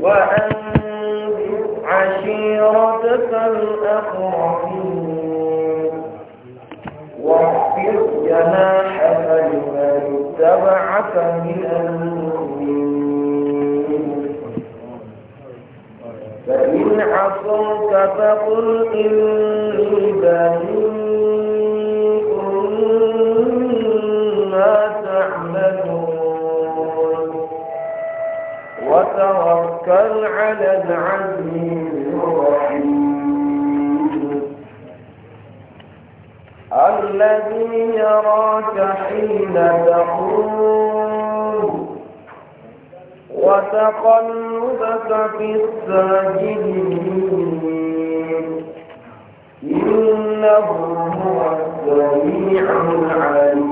وأنذر عشيرتك الأقربين واحفظ جناحك لمن اتبعك من المؤمنين فإن عصوك فقل إني بريء وتوكل على العزيز الرحيم الذي يراك حين تقوم وتقلبك في الساجدين إنه هو السميع العليم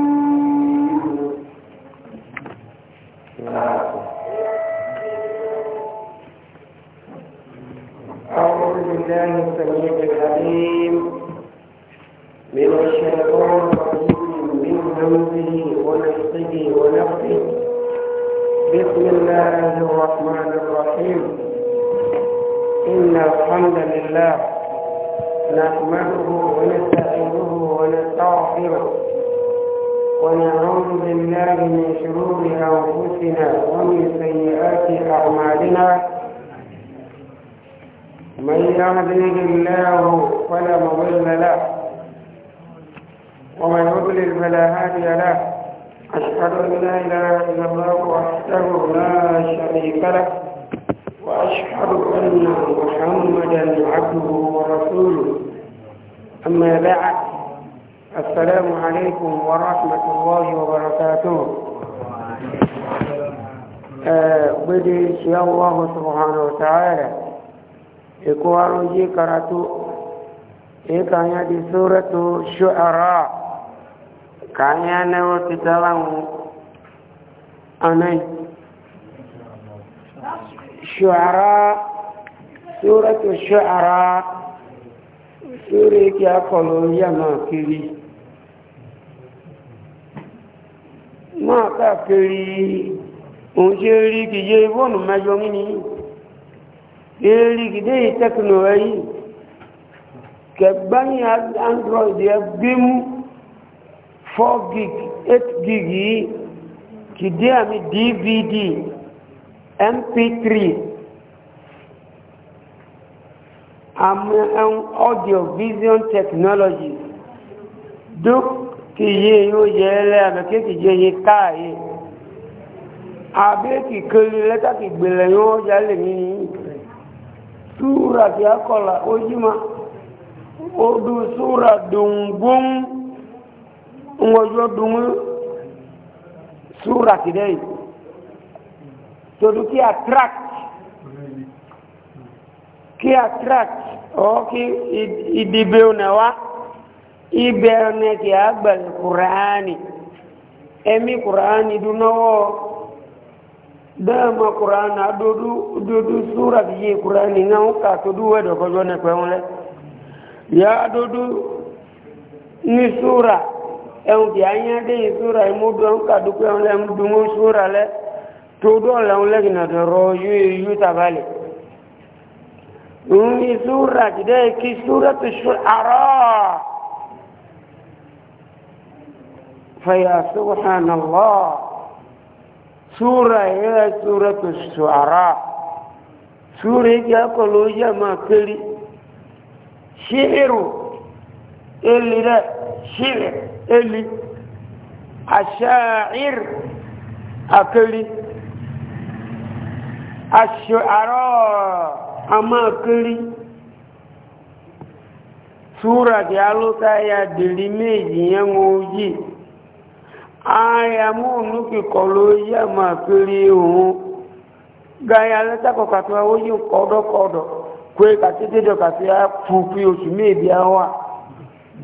الله السميع العليم من الشيطان الرجيم من همزه ونفسه ونفسه بسم الله الرحمن الرحيم إن الحمد لله نحمده ونستعينه ونستغفره ونعوذ بالله من شرور أنفسنا ومن سيئات أعمالنا من يهديه الله فلا مضل له ومن يضلل فلا هادي له أشهد أن لا إله إلا الله وحده لا شريك له وأشهد أن محمدا عبده ورسوله أما بعد السلام عليكم ورحمة الله وبركاته آه، بدي إن شاء الله سبحانه وتعالى ikowaro je karatu e kanya di suratu shu'ara kanya ne wo titalan anai shu'ara suratu shu'ara sure ki akolo yama kiri ma ka kiri oúnjẹ rí kìí yé ìwọ̀nù mẹ́jọ erigide yi tekno ayi kẹgbẹ́yìn android yẹ gbímú 4 gig 8 gig yìí kìdí àmì dvd mp3 àmì audio vision technology dúk kìyí yóò yẹ ẹlẹ́ àmì kékìjẹ yìí káàyè àbẹ́kì kiri lẹ́tàkì gbèlẹ̀ yóò yálẹ̀ nínú yìí súra tí a kọ̀lá ojímá odù súra dùngbùn ọjọ́ dùnmú súra kìdẹ́ yìí tòdù attract kí attract ọ́ kí ìdìbẹ̀ ọ̀nà wá ibẹ̀ ọ̀nà kì á gbẹ̀lẹ̀ kùránì ẹ̀mí dama qur'an adudu dudu sura biye kurani ngau ka to duwe do ko jone ko wala ya dudu ni sura en bi anya de sura e mu do ka du ko wala mu du sura le to do la wala gina do ro yu yu tabale ni sura de ki sura tu shu'ara fa ya subhanallah sura yẹn sura tó sọ̀rọ̀ sura yìí akọ̀ ló yẹ máa kéré ṣíhìrù eli rẹ̀ ṣíhìr eli àṣàìr akéré àṣọ̀rọ̀ a máa kéré sura yìí alóta ya dèrè méjì yẹn ń wọ́n ayamúnú kíkọ ló yá máa kiri òun gaya lẹ́tàkọ̀ kàtó awóyí kọ́dọ̀kọ́dọ̀ kó kàtí dédọ̀ kàtí fúnfí oṣù méèbí àwà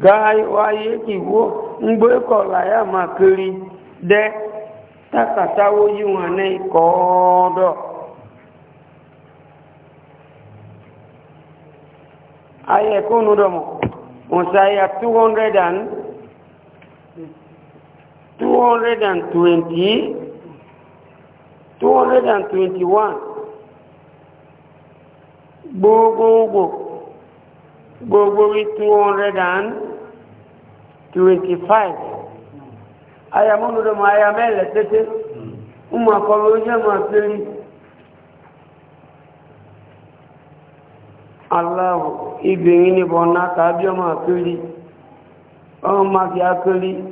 gaya wáyé kìwó ń gbé kọ̀lá yá máa kiri dẹ́ tákàtà awóyí wọn ní kọ́ọ́dọ̀ ayẹ̀kúnnú dọ̀mọ̀ òṣàyà 200 and 220 221 gbogbogbò gbogbo rí 225 ayamọ́lódọ́mọ̀ ayamẹ́lẹ̀ tẹ́tẹ́ ọmọ akọrọ oúnjẹ́ máa fẹ́rí aláwọ̀ ibìnrin níbọn náà tàbí ọmọ àfẹ́rí ọmọ àfẹ́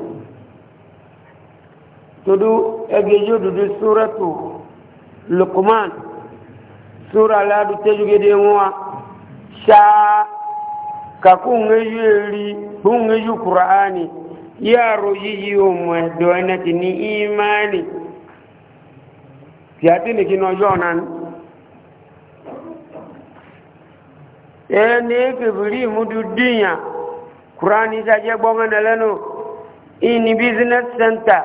todo egejo dudu suratu lukman sura ladu tejugede ŋuwa saa ka ku ŋeju eri ku ŋeju qur'ani yaro yiyi omo doina ti ni imani tiatini kinojo nan ene kebiri mudu dinya qur'ani saje gbonga lenu in business center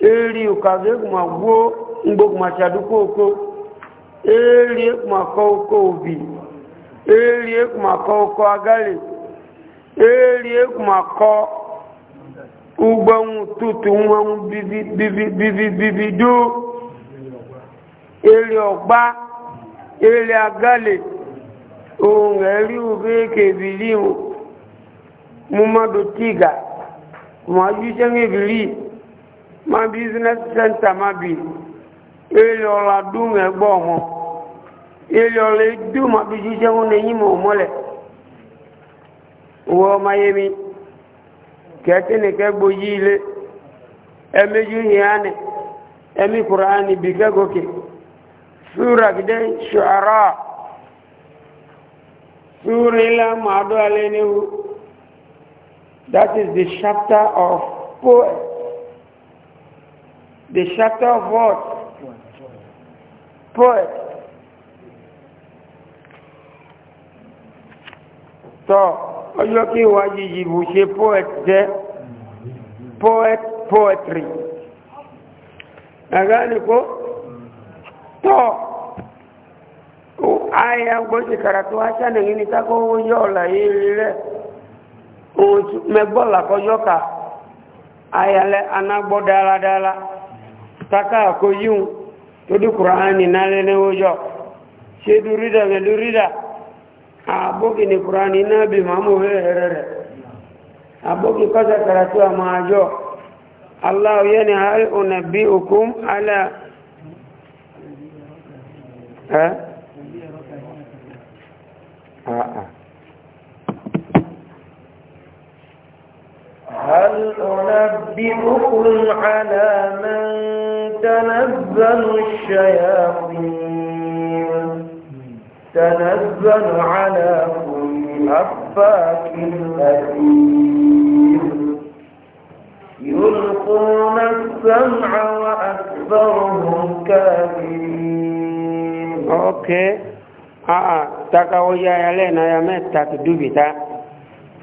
eri ukazi kuma gwo ngbo kuma chaduko oko eri ekumakọ ụkọ obi eri ụkọ koko agale eri kuma ko ugbon tutu won bibi bibi bibi bibi do eri ọgba! eri agali! ohun eri ube kebili mu ma do tiga Ma ju jẹ́ ma business center ma bi ele ọla dum ẹgbọ ọmọ ele ọla edu ma bi jíjẹ wọn n'eyi ma ọmọ lẹ wọ ọma yẹ mi kẹtí ni kẹgbọ yí ilé ẹmẹjú hìánì ẹmí kùránì bí kẹgọkè súra gidẹ ṣọ̀rọ̀ súra ilá màdó alẹ́ níhu that is the chapter of poets the shatter of what? Poet. Tọ́ ọjọ́ kí wá yìí bù ṣe poet jẹ́ poet poetry. Àgá nìkó? Tọ́ àyà gbọ́sí kàràtú aṣáná yìí ní tákó owó yọ ọ̀la yìí rẹ̀. Mẹ́gbọ́lá kọjọ́ ka àyà lẹ́ anágbọ́ dáradára saka ko yiun to du qur'ani nalene wojo se du rida me du rida abogi ni qur'ani na bi mamu herere abogi kaza karatu amajo allah yani hal unabbiukum ala ha ha هل أنبئكم على من تنزل الشياطين تنزل على كل أفاك أثير يلقون السمع وأكثرهم كافرين أوكي آه تكاويا يلينا يا متى تدوبتا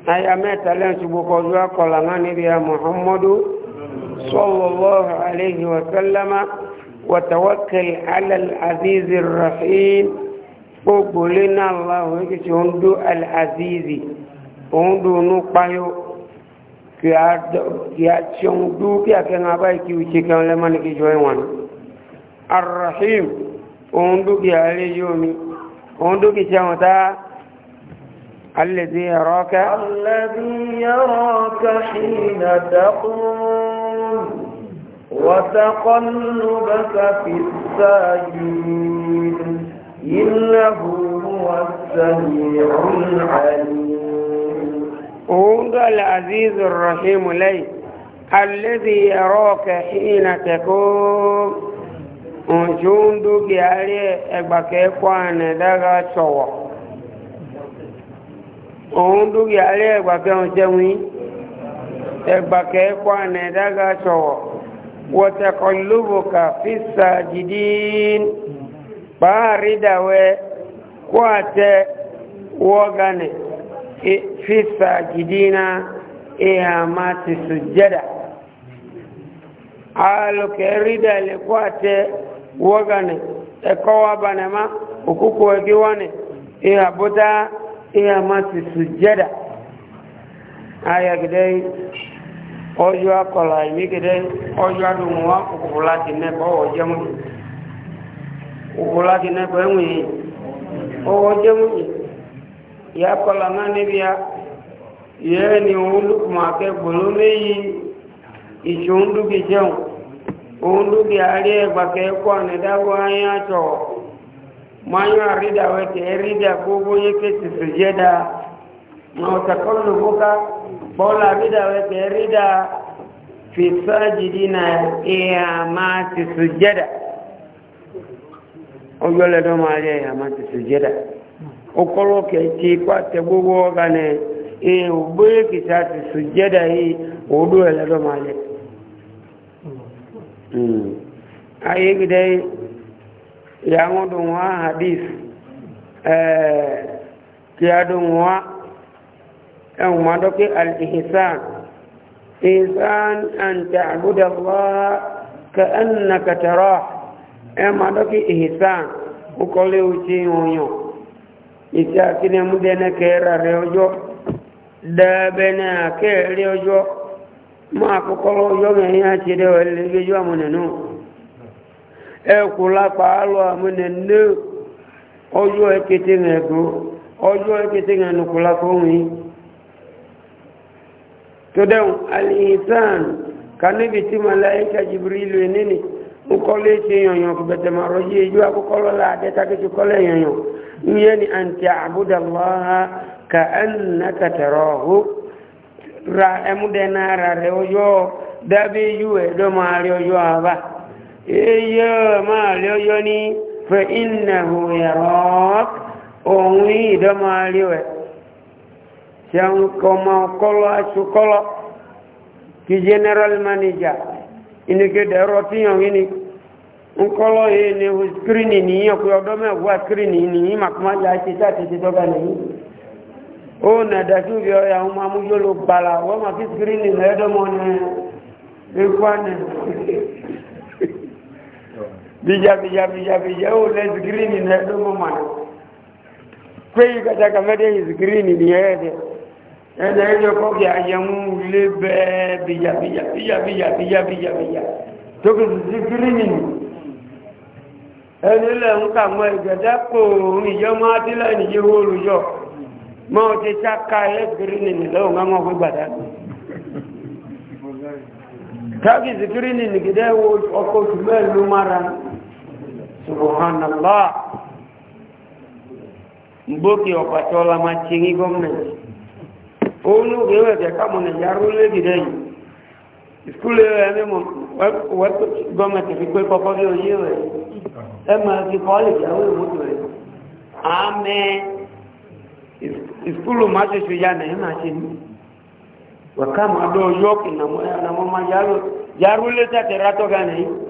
aya mẹ́ta lẹ́yìn tí gbogbo ọjọ́ akọ̀là náà níbi ya muhammadu sallallahu alayhi wa sallama wa tawakkal ala al-aziz ar-rahim gbogbo lé náà láwọn èkì tí ó ń dó al-aziz òun dùnú páyó kí a tí ó ń dó kí a kẹ́ńgá báyìí kí o ṣe kẹ́ńgá lẹ́mọ́ ní kí jọ ìwọ̀n ar òun dó kí a lè yóò mi òun dó kí tí àwọn الذي يراك الذي يراك حين تقوم وتقلبك في الساجدين إنه هو السميع العليم هو العزيز الرحيم لي الذي يراك حين تقوم وجندك عليه أبكي قوانا دغا شوق òun dúkìá alẹ́ ẹgbàkẹ́ òun jẹun yìí ẹgbàkẹ́ kọ́ ànà ẹ̀dága sọ̀wọ̀ wọ́tẹ̀kọ̀ lóbòkà fíṣà jìdí pàárídàwẹ́ kọ́ àtẹ wọ́gánì fíṣà jìdí na ìhà máa ti sùjẹ́dà alùkẹ́ rídà lè kọ́ àtẹ wọ́gánì ẹ̀kọ́ wà bànàmá òkúkú ẹgbẹ́ wọ́nì ìhà bótáà iya mati sujada aya gidai ojo akola imi gidai ojo adumuwa ukula kineko oje mu ukula kineko emu yi oje mu yi ya kola nga nibi ya ye ni olukuma ke gbolo meyi iṣo ń dúkì jẹun òun manyo rida wete rida gogo yake sujada na utakallubuka bola rida wete erida, fi sajidina ya mati sujada oyole do male ya mati sujada okolo ke ti kwa te gogo gane e ugbe kisati sujada hii odu ele mm yango dunwa hadis, eh kiya dunwa en mando al ihsan ihsan an ta'budu allah ka annaka tarah en mando ke ihsan ukole uchi onyo ita kine mudene kera reojo dabena kere ojo ma kokolo yo me ya chide wele ẹkùnlá pàálọ̀ àmúnẹ̀ ní ọjọ́ ẹkẹtẹ ẹ̀kọ́ ọjọ́ ẹkẹtẹ ẹnukùnlá fóhun tó dẹ̀wọ̀n alìsàn kaníbi tí ẹ̀nìní ń kọ́lé kò bẹ̀tẹ̀ rọ́jí ẹjú ti kọ́lẹ̀ yànyàn ìyẹn ni àǹtí àbúdàláha ka annaka tarahu ra ẹmúdẹ́nà ara rẹ̀ ọjọ́ dábí yú ẹ̀dọ́ eyé máa lé ọyọ́ ní fẹ́ ìnàhù ẹ̀rọ ohun ìdọ́ máa lé ẹ̀ ṣẹun kọmọ kọlọ aṣù kọlọ kí general manager ìnìkédè ẹ̀rọ tíyàn yìí ni ń kọlọ yìí ni skrini nìyí ọkọ ọdọ mẹwàá skrini nìyí màkàmájà ṣe sáàtì ti dọ́gba nìyí ó nàdàtú bí ọyà ń máa mú yóò ló gbala wọ́n máa fi skrini lẹ́dọ́mọ́ ní ikú àná bija bija bija bija ule skrini na domo mana kwei kata kamade hii skrini ni yeye ende hiyo koki ajamu libe bija bija bija bija bija bija bija toki skrini ẹni lẹ ń kà mọ ìgbẹ̀dẹ́ kò níjọ́ máa ti lẹ́yìn yìí wó lùjọ́ mọ́ ọ ti ṣáka ẹlẹ́sìkiri nìyí lẹ́wọ̀n ká mọ́ fún gbàdá mi. táàgì ìsìkiri nìyí gidẹ́ wo ọkọ̀ subhanallah mboki opatola machingi government onu gewe ke kama ne yarule gidei skule ene mo wat government ri ko papa ge yewe ema ki college awe mutwe ame skulu macho shujana ema chini wakama do yoki na mo na mo yarule yarule tate rato gani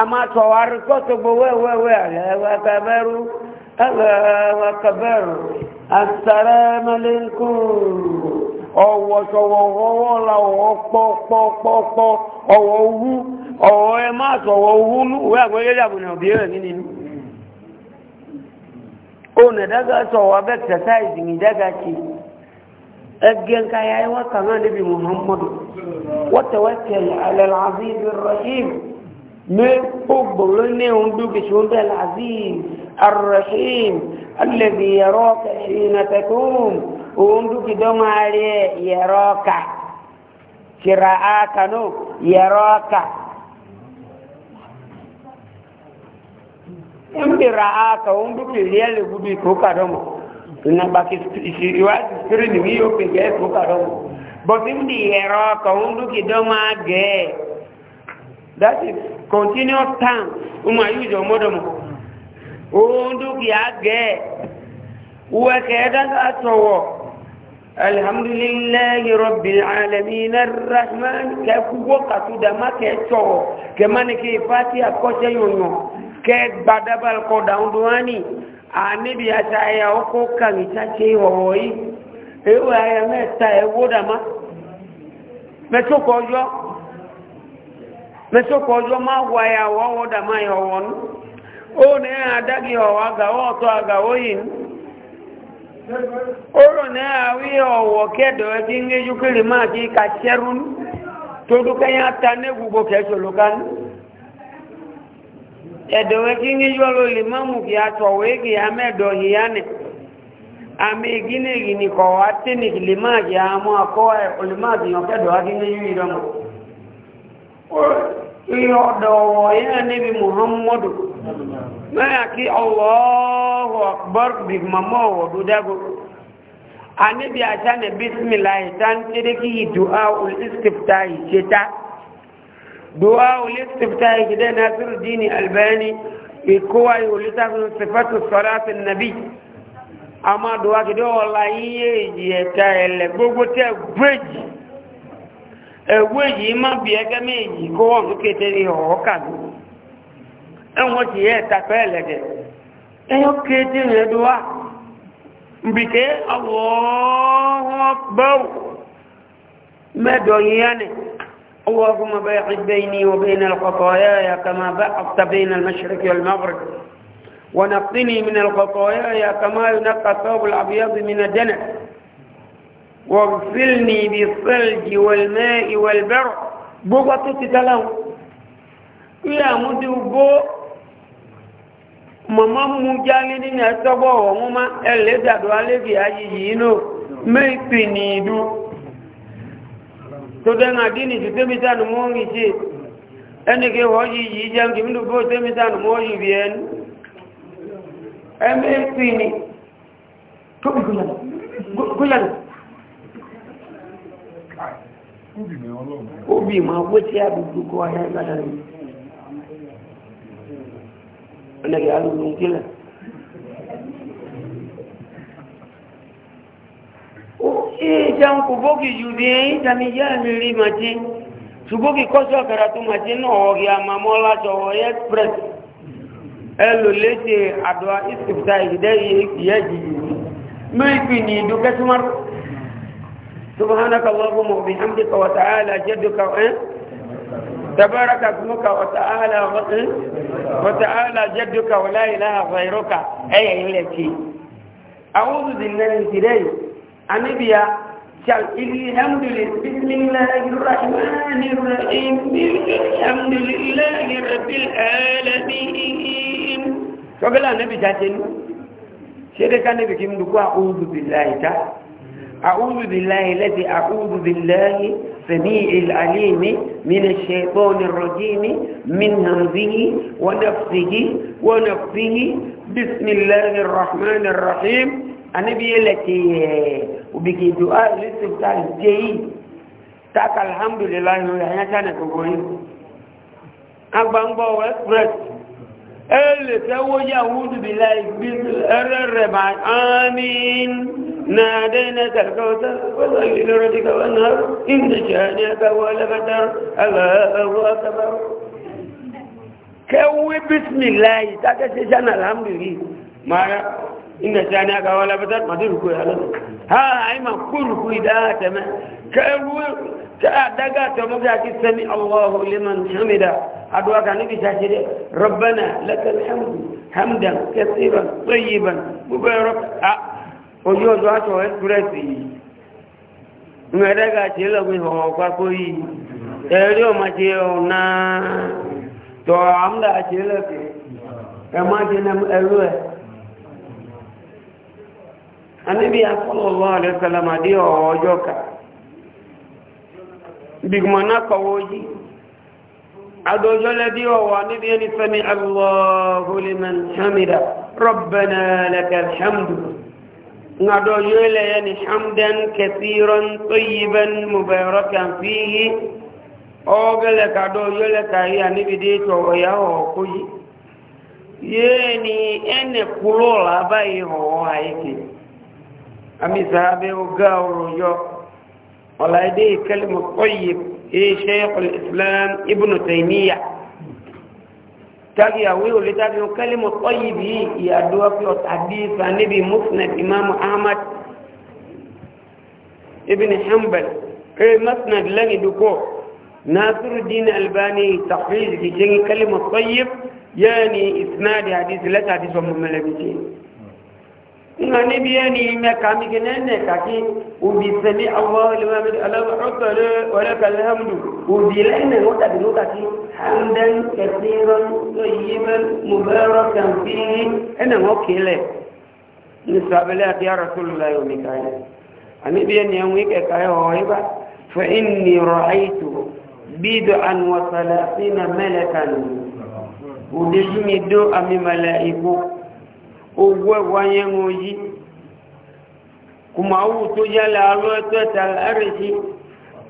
ama tọwari kọtọgbọ wẹwẹwẹ ẹwà kẹbẹrú ẹwà kẹbẹrú asarẹmẹlẹkù ọwọsọwọ ọwọ la ọwọ kpọkpọkpọ ọwọ wu ọwọ ẹ má sọwọ wu nù wẹ àgbẹ yẹlẹ àbùnà òbí rẹ nínú inú. ònà dága sọwọ abẹ tẹsà ìdìní dága tì ẹgẹ nkàyà ẹwà kàmá níbi muhammadu wọ́n tẹ̀wé tẹ̀lé alẹ́ làbí ibi rẹ̀ yìí. من قبلني وندوك شون العزيز الرحيم الذي يراك حين تكون وندوك دوم عليه يراك كراءك نو يراك mbi raaka o mbi piliyale gubi kuka domo na baki iwazi spirit ni hiyo pekee kuka domo bosi mdi yeroka o mbi kidoma gee that is continuous time umu ayujo modomo onduki age uweke danga towo alhamdulillahi rabbil alamin arrahman ka kuwo katuda make towo kemani ki fatiha koche yonyo ke gbadabal ko daunduani anibi ataya oko kan itache hoyi ewa aya meta ewoda ma metoko yo mesoko ọjọ́ máa wà ya ọwọ́ dàmá ọwọ́ nù ó ní àdági ọwọ́ àgàwọ́ ọ̀tọ́ àgàwọ́ yìí ó rò ní àwí ọwọ́ kẹ́dọ̀ ẹjí e ń gé yúkìrì máa ti ka ṣẹ́rú tó dúkẹ́ yá ta ní gbogbo kẹsòló ká ní ẹ̀dọ̀ e ẹjí e ń gé yọ́ ló lè má mú kí a sọ̀wé kí a mẹ́dọ̀ yìí àmì ìgínìgínì kọ̀ wá tí nìkì lè má àmọ́ àkọ́ ẹ̀ olè kẹ́dọ̀ á kí ń gé yú ihe ọ̀dọ̀wọ̀ yẹ́ níbi muhammadu mẹ́yà kí ọlọ́ọ̀hù akbar bí mamọ́ ọ̀dọ̀ dágó a níbi àṣà ní bismillahi ta ń tẹ́rẹ kí yí du'a ulistifta yìí ṣe ta du'a ulistifta yìí ṣe albani ìkówá ìwòlítàkùn nabi a máa du'a kìdí ọ̀la yíyé ìjì ẹ̀ta ẹ̀lẹ̀ ẹ̀wọ́ yìí má bí ẹgẹ́ méjì kó wọ́n ń kété ní ọ̀họ́ kàdó ẹ̀wọ́n ti yẹ ẹ̀tàpẹ́ ẹ̀lẹ́dẹ̀ ẹ̀yọ́ kété rẹ̀ dó wá mbìkẹ́ ọwọ́ bẹ́ẹ̀ mẹ́dọ̀ yìí yá ni اللهم باعد بيني وبين الخطاياي كما بعدت بين المشرق والمغرب ونقني من الخطاياي كما ينقى الثوب الابيض من الدنس واغسلني بالثلج والماء والبر بوغا توتي تلاو يا مودي بو mama mu jali ni na sobo won ma ele dadu ale bi ayi yino me pini du to de na dini ju temi tanu mo ngi se ene ke ho yi yi jam ki ndu bo temi tanu mo yi bi en e me pini to bi obi ma wete abudu ko aya gada ni ona ke alu ni kila o e jan ko boki judi e jami ya mi ri mati suboki ko so kara tu mati no o ya mamola so express elo lete adwa istifta ide ye ye ji me pini do سبحانك اللهم وبحمدك وتعالى جدك تبارك اسمك وتعالى وتعالى جدك ولا إله غيرك أي إلتي أعوذ بالله من سيدي أنبيا شال الحمد لله بسم الله الرحمن الرحيم الحمد لله رب العالمين شو قال النبي جاتني شيخ النبي كم دكوا أعوذ بالله تعالى أعوذ بالله الذي أعوذ بالله سميع العليم من الشيطان الرجيم من همزه ونفسه ونفسه بسم الله الرحمن الرحيم النبي التي وبكي دعاء لسبتان جي تاك الحمد لله ويحيى كان تقولين أبان بو أكبرت ẹlẹ fẹwọ yahudu bi la ibi ẹrẹrẹ ma amin na dẹna karka wata wata ilẹ rọdi ka wani haru inda shani aka wala batar alahu akabar kẹwẹ bismillahi ta ta ṣe ṣan alhamdulillah mara inda shani aka wala batar madu ruku ya lalu ha ai ma ku ruku da ta ma kẹwẹ ta daga ta maka ki sami allahu liman hamida addu'a ga nabi ta ce rabbana lakal hamdu hamdan katsiran tsayiban mubarak a ojú ọjọ́ aṣọ ẹ́sùrẹ́sì yìí ní ẹ̀dẹ́gà tí ó lọ́gbìn ọ̀họ̀ pápó yìí ẹ̀rí ọmọ ṣe ọ̀nà tọ́ àmúlà ṣe lọ́gbìn ẹ̀mọ́ ṣe ẹrú ẹ̀ anábì afọ́lọ́lọ́ àlẹ́sàlámàdé ọ̀ọ́jọ́ ká bìgbọ̀n náà kọ̀wọ́ yìí عدو الذي هو يعني سمع الله لمن حمد ربنا لك الحمد عدو يعني حمدا كثيرا طيبا مباركا فيه أوغل كادو يولك يا نبي ديتو يا هوكي يعني أن كلولا باي هو هايكي أمي صحابي وقاورو جو ولا دي كلمة طيب شيخ الإسلام ابن تيمية تاجي أوي ولتاجي كلمة طيب هي يدوا في حديث النبي مسند إمام أحمد ابن حنبل إيه مسند لني دكو ناصر الدين الباني تحريز كلمة طيب يعني إسناد حديث لا حديث من ina níbi ẹni mẹ́kàmíkì nẹ́ẹ̀nẹ́ kàkí òbí sẹ́mí àwọn olùmọ̀mí ọlọ́pàá ọlọ́pàá hamdu òbí lẹ́nà wọ́n tàbí ló kàkí hamdan kẹsìrán lóyìnbẹ́ mọ̀bẹ́rọ̀ kàǹfì ẹnà wọ́n kéèlẹ̀ ní sàbẹ̀lẹ̀ àti arásùlùlá yóò mi káyẹ̀ àníbi ẹni ẹ̀wọ̀n ìkẹ̀kà ẹ̀họ̀ ẹ̀bá fẹ́ ìní rọ̀ àìtò bídò àwọn sàlẹ̀ sínú mẹ́lẹ̀kà nù òdejúmi dó àmì mẹ́lẹ̀ ìkó owó ẹ̀wọ́ yẹn ń yí kùmàwù tó yálẹ̀ alọ́ ẹ̀tọ́ ẹ̀tà ẹ̀rẹ̀sí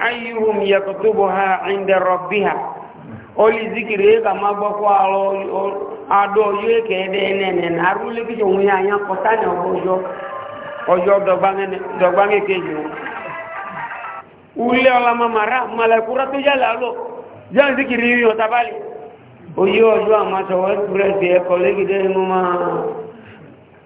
ayíhùn yẹ̀kọ̀tọ́bù ha ẹ̀ndẹ̀rọ̀ bí ha ọlì zikiri ẹ̀ka máa gbọ́ kó alọ́ adọ́ ọjọ́ ẹ̀kẹ́ ẹ̀dẹ́ ẹ̀nẹ̀ẹ̀nẹ̀ arúlé kí ṣòwò yẹn àyàn kọ́tà ní ọjọ́ ọjọ́ mara tó zikiri oyé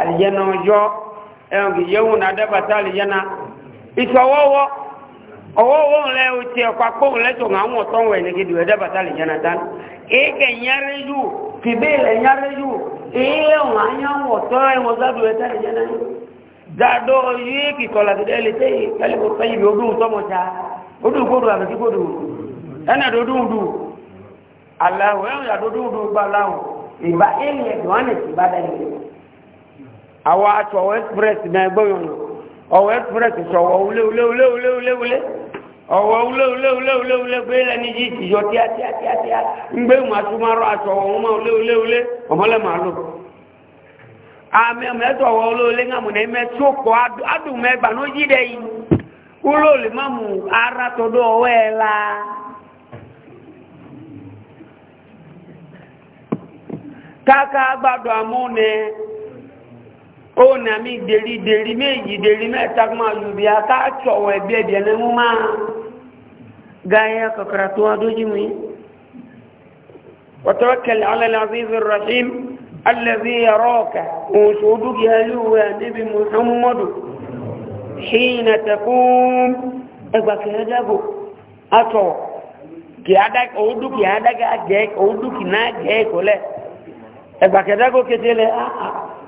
àlìjẹ́nà ọjọ́ ẹ̀hùn kì yẹ́wù náà dẹ́bàtà àlìjẹ́nà ìṣọwọ́wọ́ ọwọ́wọ́ ńlẹ́ o ti ẹ̀kọ́ akóhùn lẹ́tọ̀ àwọn ọ̀tọ́wọ̀ ẹ̀ nígbèdì ẹ̀ dẹ́bàtà àlìjẹ́nà dání èkè nyáré yù kìbéèlè nyáré yù èyẹ wọn anyáwọ̀ ọ̀tọ́ ẹ̀wọ̀n zádù ẹ̀ tàlìjẹ́nà dàdó yìí kìkọ̀lá ìbá ẹ̀yẹ̀ dùn án lè ti bá dáyé àwọn aṣọ ọwọ express na ẹgbẹ́ ọwọ ọwọ́ express sọ̀wọ́ ulé ulé ulé ulé ulé ulé ọwọ́ ulé gbé lẹ́ni yìí ti yọ tíá tíá tíá tíá ń gbé wọn àtúmọ̀rọ̀ aṣọ ọwọ́ wọn ulé ẹ̀mẹ́ tó pọ̀ ó nà mí dèrí dèrí méjì dèrí mẹ́ta máa lù bí akáàtọ̀wọ̀ ẹ̀bí ẹ̀bí ẹ̀nà mú máa gáyà kọkàrà tó adójú mi وتوكل على العزيز الرحيم الذي يراك وسعودك يلوى نبي محمد حين تقوم اgbàk ẹ̀dàbò atọ̀ kì á dá òódù kì á dá gẹ́ẹ̀kì òódù kì náà gẹ́ẹ̀kì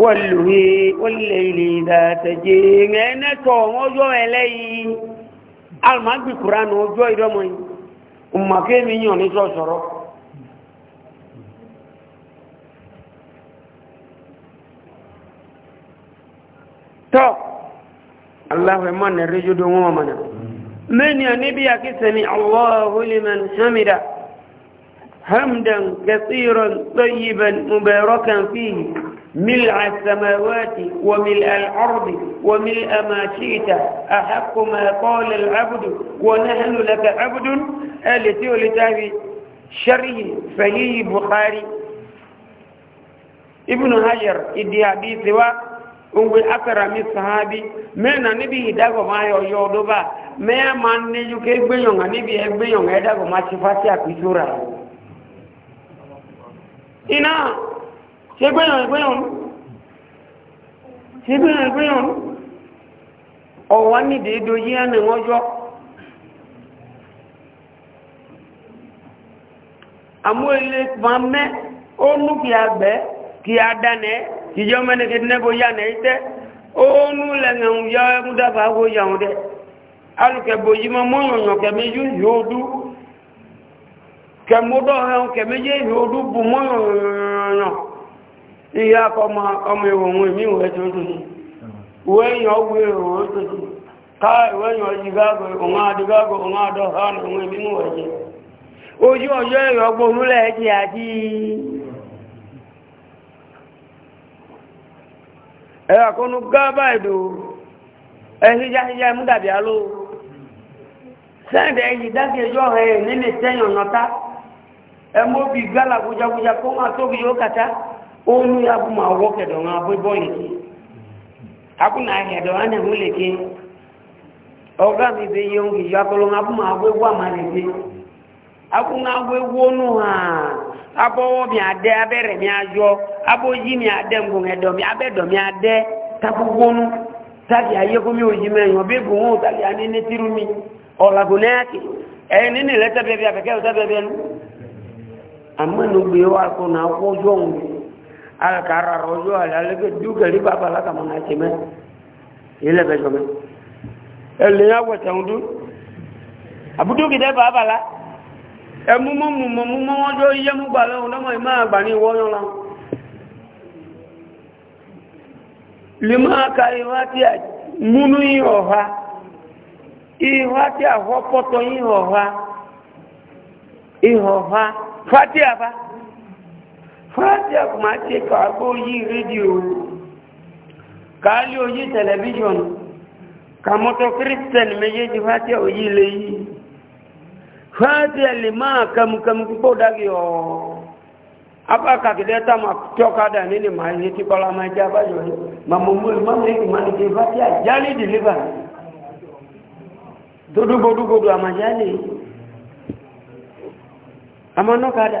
wọ́lùwé wọ́lẹ̀lẹ̀ ìdàtẹ̀jẹ́ ẹ̀ẹ́nẹ́tọ̀ ọjọ́ ẹlẹ́yìí almagbi kuranu ọjọ́ ìdọ́mọ̀ yìí ọmọkémi yàn ní sọ́sọ̀rọ̀ tọ́ aláwẹ̀ mọ́ ní rí jùdó wọn mọ̀nà mẹ́niyàn níbi àkísẹ̀mí aláwọ̀húlìmọ̀ hamida hamdan kẹsìrọ̀ tọ́yìbẹ̀ mubarakan fíhì ملء السماوات وملء الأرض وملء ما شئت أحق ما قال العبد ونحن لك عبد التي ولتابي شره فهي بخاري ابن هجر إدي حديث و ungu akara mi sahabi mena nibi idago mayo yodo ba me man ne yuke gbeyon nibi egbeyon edago ma sifasi akisura ina ṣe gbéyàn ìgbéyàn ṣe gbéyàn ìgbéyàn ọ̀wá ní déédó yí ẹni wọ́n yọ àmú ilé ma mẹ́ ó nú kí a gbẹ́ kí a dánẹ́ kí yọ mẹ́ni kí nẹ́bó yà nẹ́ tẹ́ ó nú lẹ́gbẹ̀rún yọ ẹkún dábà ó yàwó dẹ́ alùkẹ́bò yí mọ́ mọ́yànyàn kẹ́mí yóò dú kẹ́mú ẹ̀hún kẹ́mí yóò dú bù mọ́yànyàn ihe aka ọmọ ewu onwe m inwe eche uwe enyo ọgwụ ewu otu ka uwe enyo ojigago onwe adịgago onwe adọ ha na onwe m inwe eche ojú ọjọ́ ẹ̀yọ́ ọgbọ̀n lẹ́ ẹ̀jì àti ẹ̀yàkọ́nú edo ìdò ẹ̀híjáhíjá múdàbí aló sẹ́ẹ̀dẹ̀ ẹ̀yì dákẹjọ́ ẹ̀ kó máa onu ya bụ ma ọgwọ kedụ na bụ ebe na ahịa dọ anya hụ leke ọga m ihe ya kọrọ ma agwọ egwu amalite akwụ na agwọ egwu onu ha abọwọ mi ade abẹrẹ mi ajọ abọji mi ade ngwọ ẹdọ mi abẹdọ mi ade takugbo nu tàbí ayé kó mi ò yí mẹyìn ọbẹ bò wọn tàbí mi ẹyìn nínú ilẹ tẹbẹbẹ abẹkẹ ọtẹbẹbẹ na kó jọ alkara rojo alalege duke lipa pala kama na cheme ile bejo me ele ya wata undu abudu gide baba la emu mumu mumu mu mu ojo iye mu gba lohun na mo ima agba ni wo yan la lima ka iwati munu yi oha iwati ahopoto yi oha ihoha fatia ba fàájá kò máa tí kàágbó yí rédíò kàálí oyí tẹlẹbíṣọ̀n kàmọ́tọ̀ kírísítẹ̀nì méjèèjì fàájá oyí lè yí fàájá lè máa kẹmukẹmu púpọ̀ dági ọ̀ apákàkìdẹ́ tàmà tọ́kadà nínú màá yé tí kọ́lá máa jẹ́ abájọ́ yìí màmúmú ìmọ̀lẹ́kì máa ní kí fàájá jálì dìlíbà dúdúgbòdúgbòdú àmàjálì àmọ́nọ́kadà.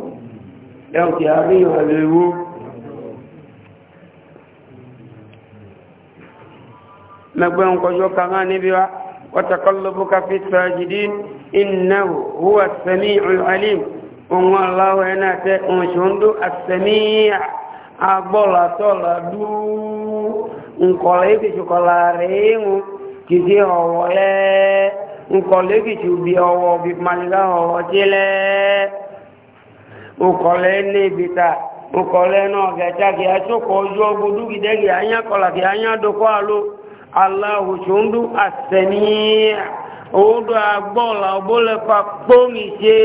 ẹ̀kì àríyàn lèwó mẹ́gbẹ́ ń kọjọ́ kàmá níbi wá wọ́tàkọ́lọ́bùka fi sàájìdín innahu huwa sami'ul alim ohun aláwọ̀ ẹ̀nà tẹ́ ọ̀ṣọ́ndó àsẹ̀míyà agbọ́làtọ́là ukọlẹ nebita ukọlẹ náà a kì í atsọkọ ọjọ kì anya kọlà kì anya dọkọ alo alahu tsundu asẹniya odo agbọla obole fa kpọmi se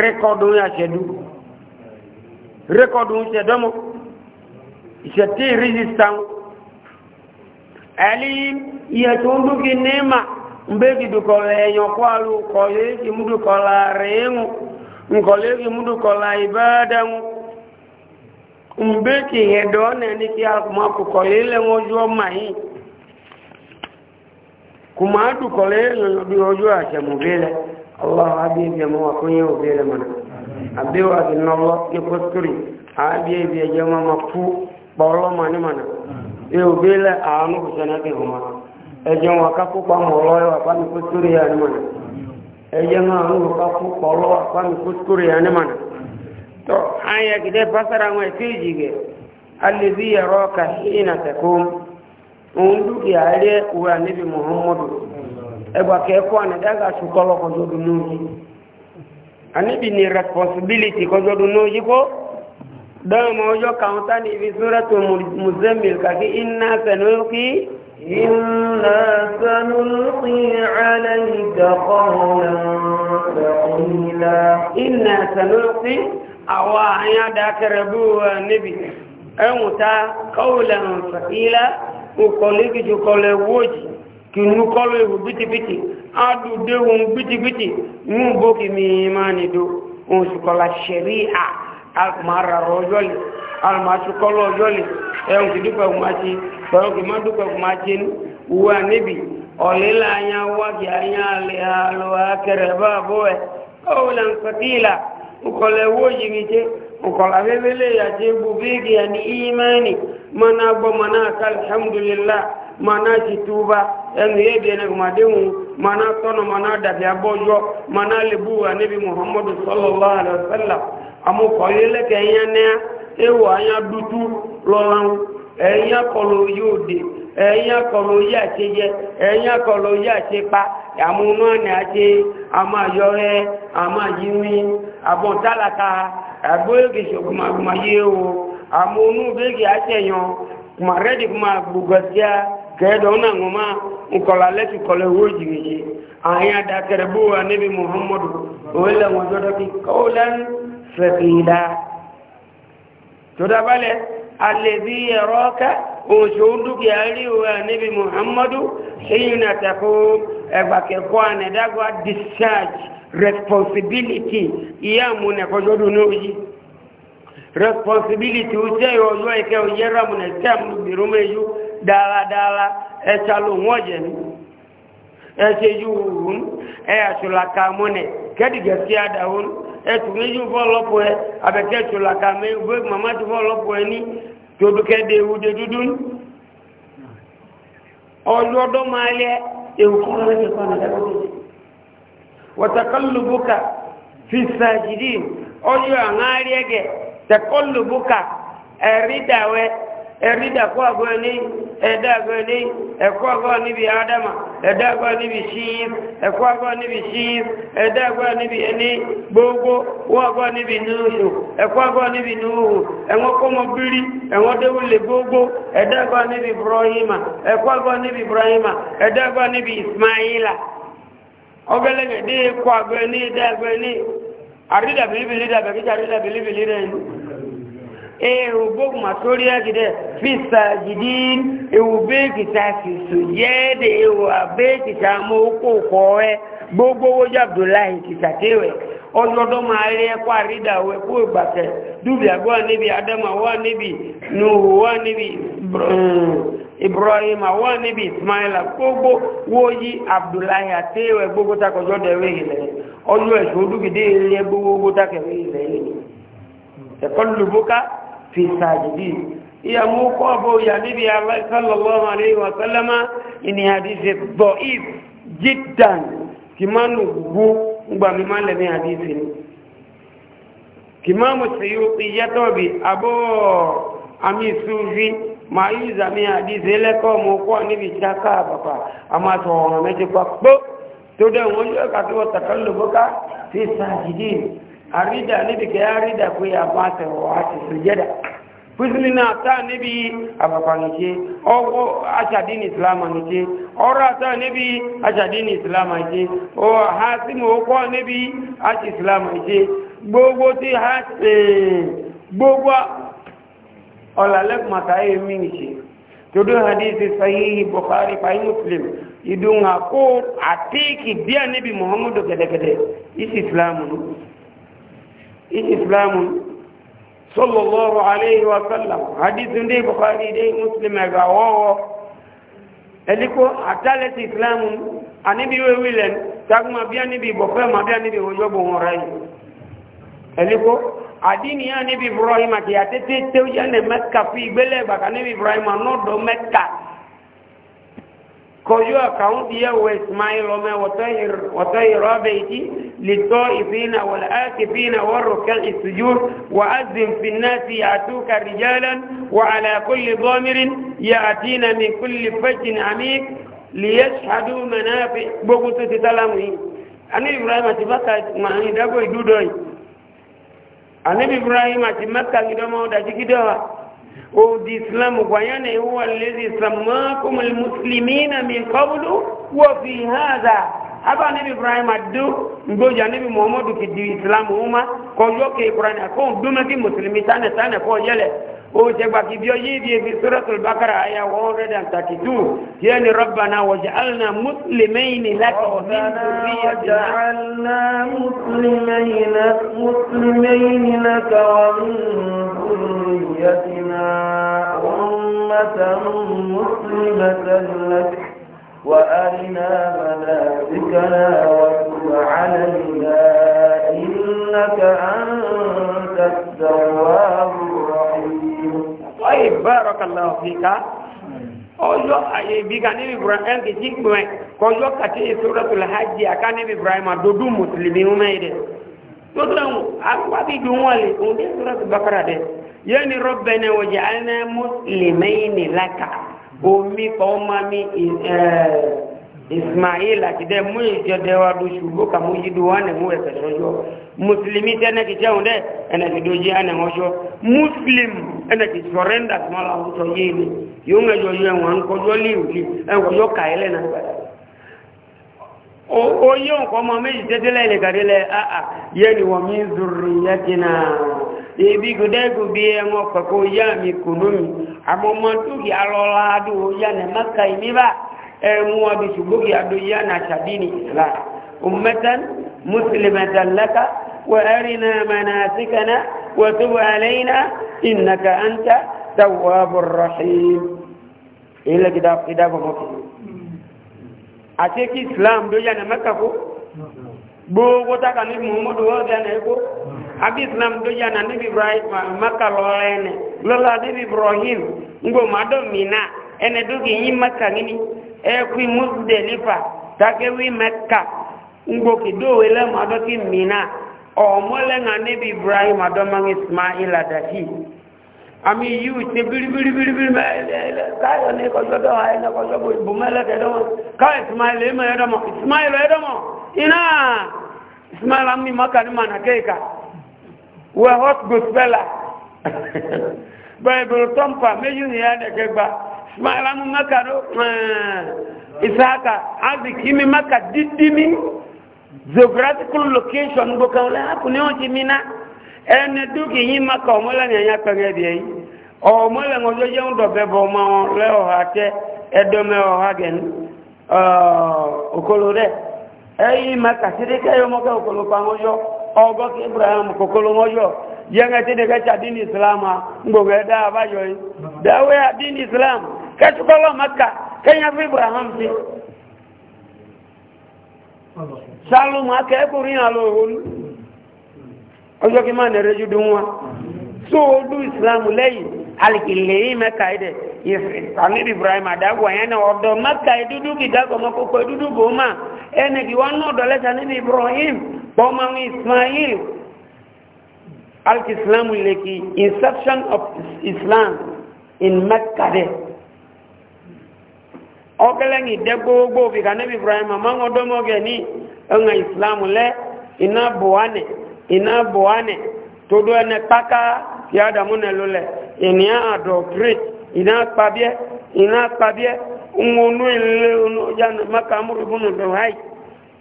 rekọdu yasẹdu rekọdu sẹdọmọ sẹti ma nbẹ kì dukọlẹ ẹyọkọ alo kọlẹ kì nkolegi mudu kola ibada mbeki hedone niki akuma kukolele ngojo mai kumadu kolele ngobi ngojo acha mubele Allah abiye mwa kunye ubele mana abiwa kinallo kikuskuri abiye biye jama mafu bawlo mana e ubele aanu kusanake huma ejo wakaku kwa moloyo wapani ẹyẹ máa ń rúkọ fún pọlọ àpámi kúskúrú yẹn ní mọ̀nà tó àyẹ̀ gidẹ́ pásárà àwọn ẹ̀kí ìjìgẹ̀ alẹ́bí ẹ̀rọ kàhínà tẹ̀kọ́m òun dúkìá rẹ̀ wúra níbi muhammadu ẹgbà kẹ́kọ́ ànàdága sùkọ́lọ́ kọjọ́dún lóyí àníbi ni responsibility kọjọ́dún lóyí kó dáhùn ọjọ́ kàwọn tánìbi súnrẹ́tò mùzẹ́mìl kàkí iná sẹ̀nú kí إنا سنلقي عليك قولا ثقيلا إنا سنلقي أواعي ذكربوا النبي أمتا قولا ثقيلا وقولك جقول وجه kinu kọlu ewu bitibiti adu dewu bitibiti mu boki mi imani do oṣukola shari'a alkumara rọjọli alùmọ̀tò kọ́lọ́ ọjọ́ lè ẹ̀hún kì dúpẹ́ kò máa ṣe pẹ̀lú kì má dúpẹ́ kò máa ṣe wúwa níbi ọ̀lẹ́lá anya wákì anya alẹ́ alo akẹrẹ bá bó ẹ̀ ọ̀hún là ń kọ́tí ìlà nkọ̀lẹ̀ wó yìí ṣe nkọ̀lẹ̀ abẹ́bẹ́lẹ́ yàtí bùbíkì àti ìyímẹ́ni mọ́nà gbọ́ mọ́nà alhamdulilá mọ́nà ti túbà ẹnu yé dẹ́nẹ́ kò máa déhùn mọ́nà tọ́nà mọ́nà dàbí abọ́jọ́ mọ́nà lè bú wa níbi muhammadu sallallahu alayhi wa sallam àmukọ̀lẹ́lẹ́kẹ̀ yẹn náà ewò anya dutu lọ́láhùn ẹ̀yìn akọlọ ya dé ẹ̀yìn akọlọ ya àti jẹ ẹ̀yìn ya yí àti pa àmúnú àná àti àmàyọrẹ àmàyíwí àbọ̀ntálàkà àgbóyèkè ṣògbọ̀màgbọ̀mà yé o àmúnú bẹ́ẹ̀kì àtẹ̀yàn kùmàrẹ́dì ma gbùgbọ̀síà kẹ́ẹ̀dọ̀ náà wọ́n máa ń kọ̀lá lẹ́tù kọlẹ̀ owó jìnnìyẹ àyìn àdàkẹrẹ muhammadu tòdábálẹ̀ alẹ́bí ẹ̀rọ ọ́ká oṣù dúkìá rí òwe níbi muhammadu ṣíyìn àtàkó ẹgbàkẹ́kọ́ ànẹ́dàgbà discharge responsibility ìyá àmúnẹ̀kọ́jọ́dún náà yìí responsibility uche yoyo eke oyera munetea mbirumeyu daladala ecalung'ojeni eceyuun easulaka mune e e e kedigesia daun ẹtùgbé yóò fọ́ lọ́pọ̀ ẹ abẹ́kẹ́ tó ka mẹ́ ìwé màmá tó fọ́ lọ́pọ̀ ẹ ní tòbíkẹ́ de ewu de dúdú ọjọ́ ọdọ́ máa ewu kọ́ lọ́wọ́ ní wọ́tàkọ́lùbùkà ọjọ́ àwọn tẹ̀kọ́lùbùkà ẹ̀rí dàkọ́ àgọ́ ẹni ẹ̀dá àgọ́ bi Adama, àgọ́ níbi ádámà bi àgọ́ níbi ṣíyìn ẹ̀kọ́ bi níbi ṣíyìn ẹ̀dá àgọ́ bi ẹni gbogbo bi àgọ́ níbi abụọ ẹ̀kọ́ bi níbi núhù ẹ̀wọ́n kọ́mọ bírí ẹ̀wọ́n déwúlẹ̀ gbogbo ẹ̀dá abụọ níbi ibrahima ẹ̀kọ́ àgọ́ níbi ibrahima ẹ̀dá àgọ́ níbi ismaila ọgẹ́lẹ́gẹ̀dẹ́ ẹ̀kọ́ àgọ́ ẹni èrò gbógunmà tó rí ẹ́gidẹ́ fíìsà jìdí ewu béèkìtà kìsù yẹ́ẹ̀dẹ̀ ewu àbẹ́ẹ̀kìtà mọ́kòkò ẹ gbogbo wójú abdullahi kìsà kéwẹ̀ ọjọ́dọ́ máa rí ẹkọ́ àrídà owó ẹkọ́ ìgbàtẹ̀ dúbì àgbọ́ níbi adama wà níbi nuhu wà níbi eh, ibrahim wà níbi ismaila gbogbo wóyí abdullahi àtẹ́wẹ̀ gbogbo takọjọ́ dẹ̀wẹ̀ ilẹ̀ ọjọ́ ẹ̀ṣọ́ dúbìdé ilẹ̀ gbogbo takẹ̀wẹ̀ ilẹ̀ fi tajidid iya mú kọ́ bó yà níbi sallallahu alayhi wa sallama ìní àdíṣe dọ̀if jiddan kì máa nù mi máa lẹ́ni ni kì máa mú sí iyẹ́tọ̀ bí abọ́ àmì ìsúnfí ma yí ìzàmì a máa sọ ọ̀rọ̀ mẹ́jọ pa pọ́ tó dẹ̀ wọ́n yóò kàtí wọ́n fi arida níbi kẹ́ arida pé àbáṣẹ̀wọ̀ àti sùjẹ́dà písìlì náà táà níbi àpapà nìṣe ọwọ́ aṣàdí ní ìsìlámà nìṣe ọrọ̀ àtọ́ níbi aṣàdí ní ìsìlámà nìṣe o ha sí mò kọ́ níbi aṣì ìsìlámà nìṣe gbogbo tí ha ṣe gbogbo ọ̀làlẹ́kùnmọ̀ta èmi nìṣe todo hadithi sahihi bukhari fa muslim idunga ko atiki dia nabi muhammad gede gede isislamu islam sallallahu alayhi wa sallam hadithu ndi bukhari ndi muslim ga wawo eliko atalet islam anibi we wilen tagma bi anibi bofe ma bi anibi hojo bo ngorai eliko adini ya nibi ibrahim ati atete teuja ne mekka fi gbele ba kanibi ibrahim no do mekka kọjú àkàún bí yẹwò ismail ọmọ wọ́tọ́ ìrọ́bẹ̀ ìdí lè tọ́ ìfìnà wọ́n láti fìnà wọ́n rọ̀kẹ́ ìtìjú wà á zìn fìnà sí àtúkà rìjálẹ̀ wà àlàkùnlé gọ́mìrín yà àdínà mi kúnlé fẹ́jìn àmì lìyẹ́ ibrahim àti mẹ́ka máa ń dágbò ibrahim àti mẹ́ka gidọ́mọ́ odi islamu kwanyane huwa alladhi sammakum almuslimina min qablu wa fi hadha haba nabi ibrahim addu ngoja nabi muhammad ki di islamu uma ko yoke qur'an ko dume ki muslimi tane tane ko yele وتبقى بيجي في سورة البقرة آية 132 يعني ربنا وجعلنا مسلمين لك ومن وجعلنا مسلمين مسلمين لك ومن ذريتنا أمة مسلمة لك وأرنا مناسكنا وتب علينا إنك أنت التواب الرحيم طيب بارك الله فيك ọjọ́ ayé ibi ká níbi ibrahim kì í gbọ́n ẹ̀ kọjọ́ kàtí ìṣòrọ̀tòlá hajj àká níbi ibrahim àdódú mùsùlùmí ń mẹ́rin tó dáhùn àgbàbí dùn wọ́n lè òun dé ìṣòrọ̀tòlá bàkàrà dẹ̀ yẹ́nì rọ́bẹ̀nẹ̀ wọ̀jẹ̀ alẹ́ mùsùlùmí ní lákàá omi kọ́ ma mi ismail àti dẹ́ mú ìjọdẹ wa do ṣùgbọ́n kà mú yídu wa nà mú ẹ̀fẹ̀ sọ́jọ́ mùsùlùmí tẹ́ ẹnẹ́kì jẹun dẹ́ ẹnẹ́kì dojí ẹnẹ́ wọn ṣọ́ muslim ẹnẹ́kì sọ̀rẹ́ndà tí wọ́n làwọn sọ yé ni yóò ń ẹjọ́ yẹ wọn kọjọ́ lé òkè ẹnkọjọ́ kà ẹ́ lẹ́nà gbàdá. oyé nǹkan ọmọ méjì tẹ́tẹ́lẹ̀ lẹ́gàdé lẹ́ yẹ́ni wọ́n mi zùrù yẹ́kìnà ebi gudai gobe yanwa kwako ya mi kunumi amma mantu ki alola adu ya ne maka imi ba e muwa bi shugo ki adu ya na shadini islam ummatan muslimatan laka wa arina manasikana wa tub alaina innaka anta tawwabur rahim ila kidab kidab moko ate ki islam do ya ne maka ko gbogbo taka ni muhammadu wa ga ne ko abi islam doja na nabi ibrahim maka lola ene lola nabi ibrahim ngo mado mina ene dugi yin maka ngini e ku muzdelifa take wi maka ngo ki do wele mado ki mina o mole nga nabi ibrahim ado mang ismail adaki ami yu te biri biri biri biri ma ka yo ne ko do ha ne ko do bu mele ke do ka ismail e ma yo do mo ismail e do mo ina ismail ammi maka ni mana keika were hot gospela bible tọmpa meju ya dekegba smilamu maka do eh, isaka azik imi maka didimi geographical location gbokan ole hapụ ni wọn ti mina ẹni dúkì yìí maka ọmọlẹ́ni ẹ̀yà pẹ̀lẹ́ di ẹ̀yí ọmọlẹ́ni ọjọ́ jẹun dọ̀bẹ̀ bọ̀ ọmọ wọn lẹ́ okolo maka sídíkẹ́ yọmọkẹ́ okolo ọgọ́sí ibrahim kòkòrò mọ́jọ́ yẹ́ngẹ́tí ní kẹta dín islam gbogbo ẹ̀dá àbáyọ̀ ìdáwẹ́ àdín islam kẹtùkọ́lọ́ maka kẹyà fún ibrahim sí sálù maka ẹkùnrin àlòrún ọjọ́ kí má ní rẹ́jú dún wá tó o dún islam lẹ́yìn alìkìlẹ̀ yìí mẹ́ka ẹ̀dẹ̀ ìsàlẹ̀ ibrahim àdágún ẹ̀yẹn náà ọ̀dọ̀ maka ẹ̀dúdú kìdákọ̀ọ́mọ́kọ̀kọ̀ ẹ̀dúdú bòómà ẹnìkì wọn náà dọ̀lẹ́sà nínú ibrahim Bọ́mọ̀mí Ismail, Al-Islamu lèkì, inception of Islam in Mecca dẹ̀. Ọkẹ́lẹ́yìn dẹ́ gbogbo fìkà níbi Ibrahim, àmọ́ wọn dọ́mọ́gẹ̀ ní ọ̀nà Islam lẹ́ iná Buhane, iná Buhane, tó dọ́ ẹni pákà fi Adamu nẹ lólẹ̀, ènìyàn àdọ̀kírèt, iná pàbíẹ́, iná pàbíẹ́, ń wọnú ilé ọjà Mẹ́kà Amúrúbùnú Dọ̀háì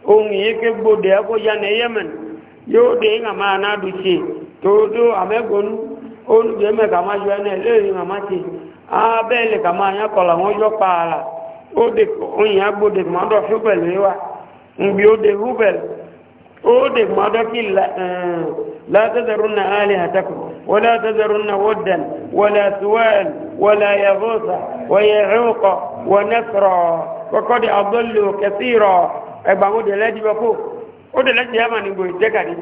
ohun yake gbode ako ya ne yemen yo de nga ma na du chi to do amegon on de me kama yo ne le nga ma chi a bele kama ya kola won yo pala o de on ya gbode ma do hubel le wa mbi o de hubel o de ma do ki la la tazarunna alihatakum ولا تذرن ودا ولا سوال ولا يغوث ويعوق ونسرا وقد أضلوا ẹgbà ó dẹ̀ lẹ́dí bọ́ kó ó dẹ̀ lẹ́dí yamani gbò ìjẹ́kàdé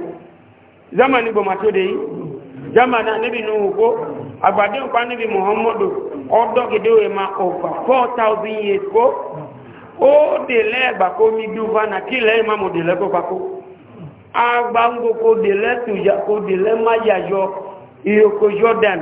zamani gbò màtó de yìí zamani níbi nù wò kó àgbàdé nǹkan níbi muhammadu ọdọ́ gidi òye ma ọgbà four thousand years kó ó dẹ̀ lẹ́gbà kó mi kí mo agba jordan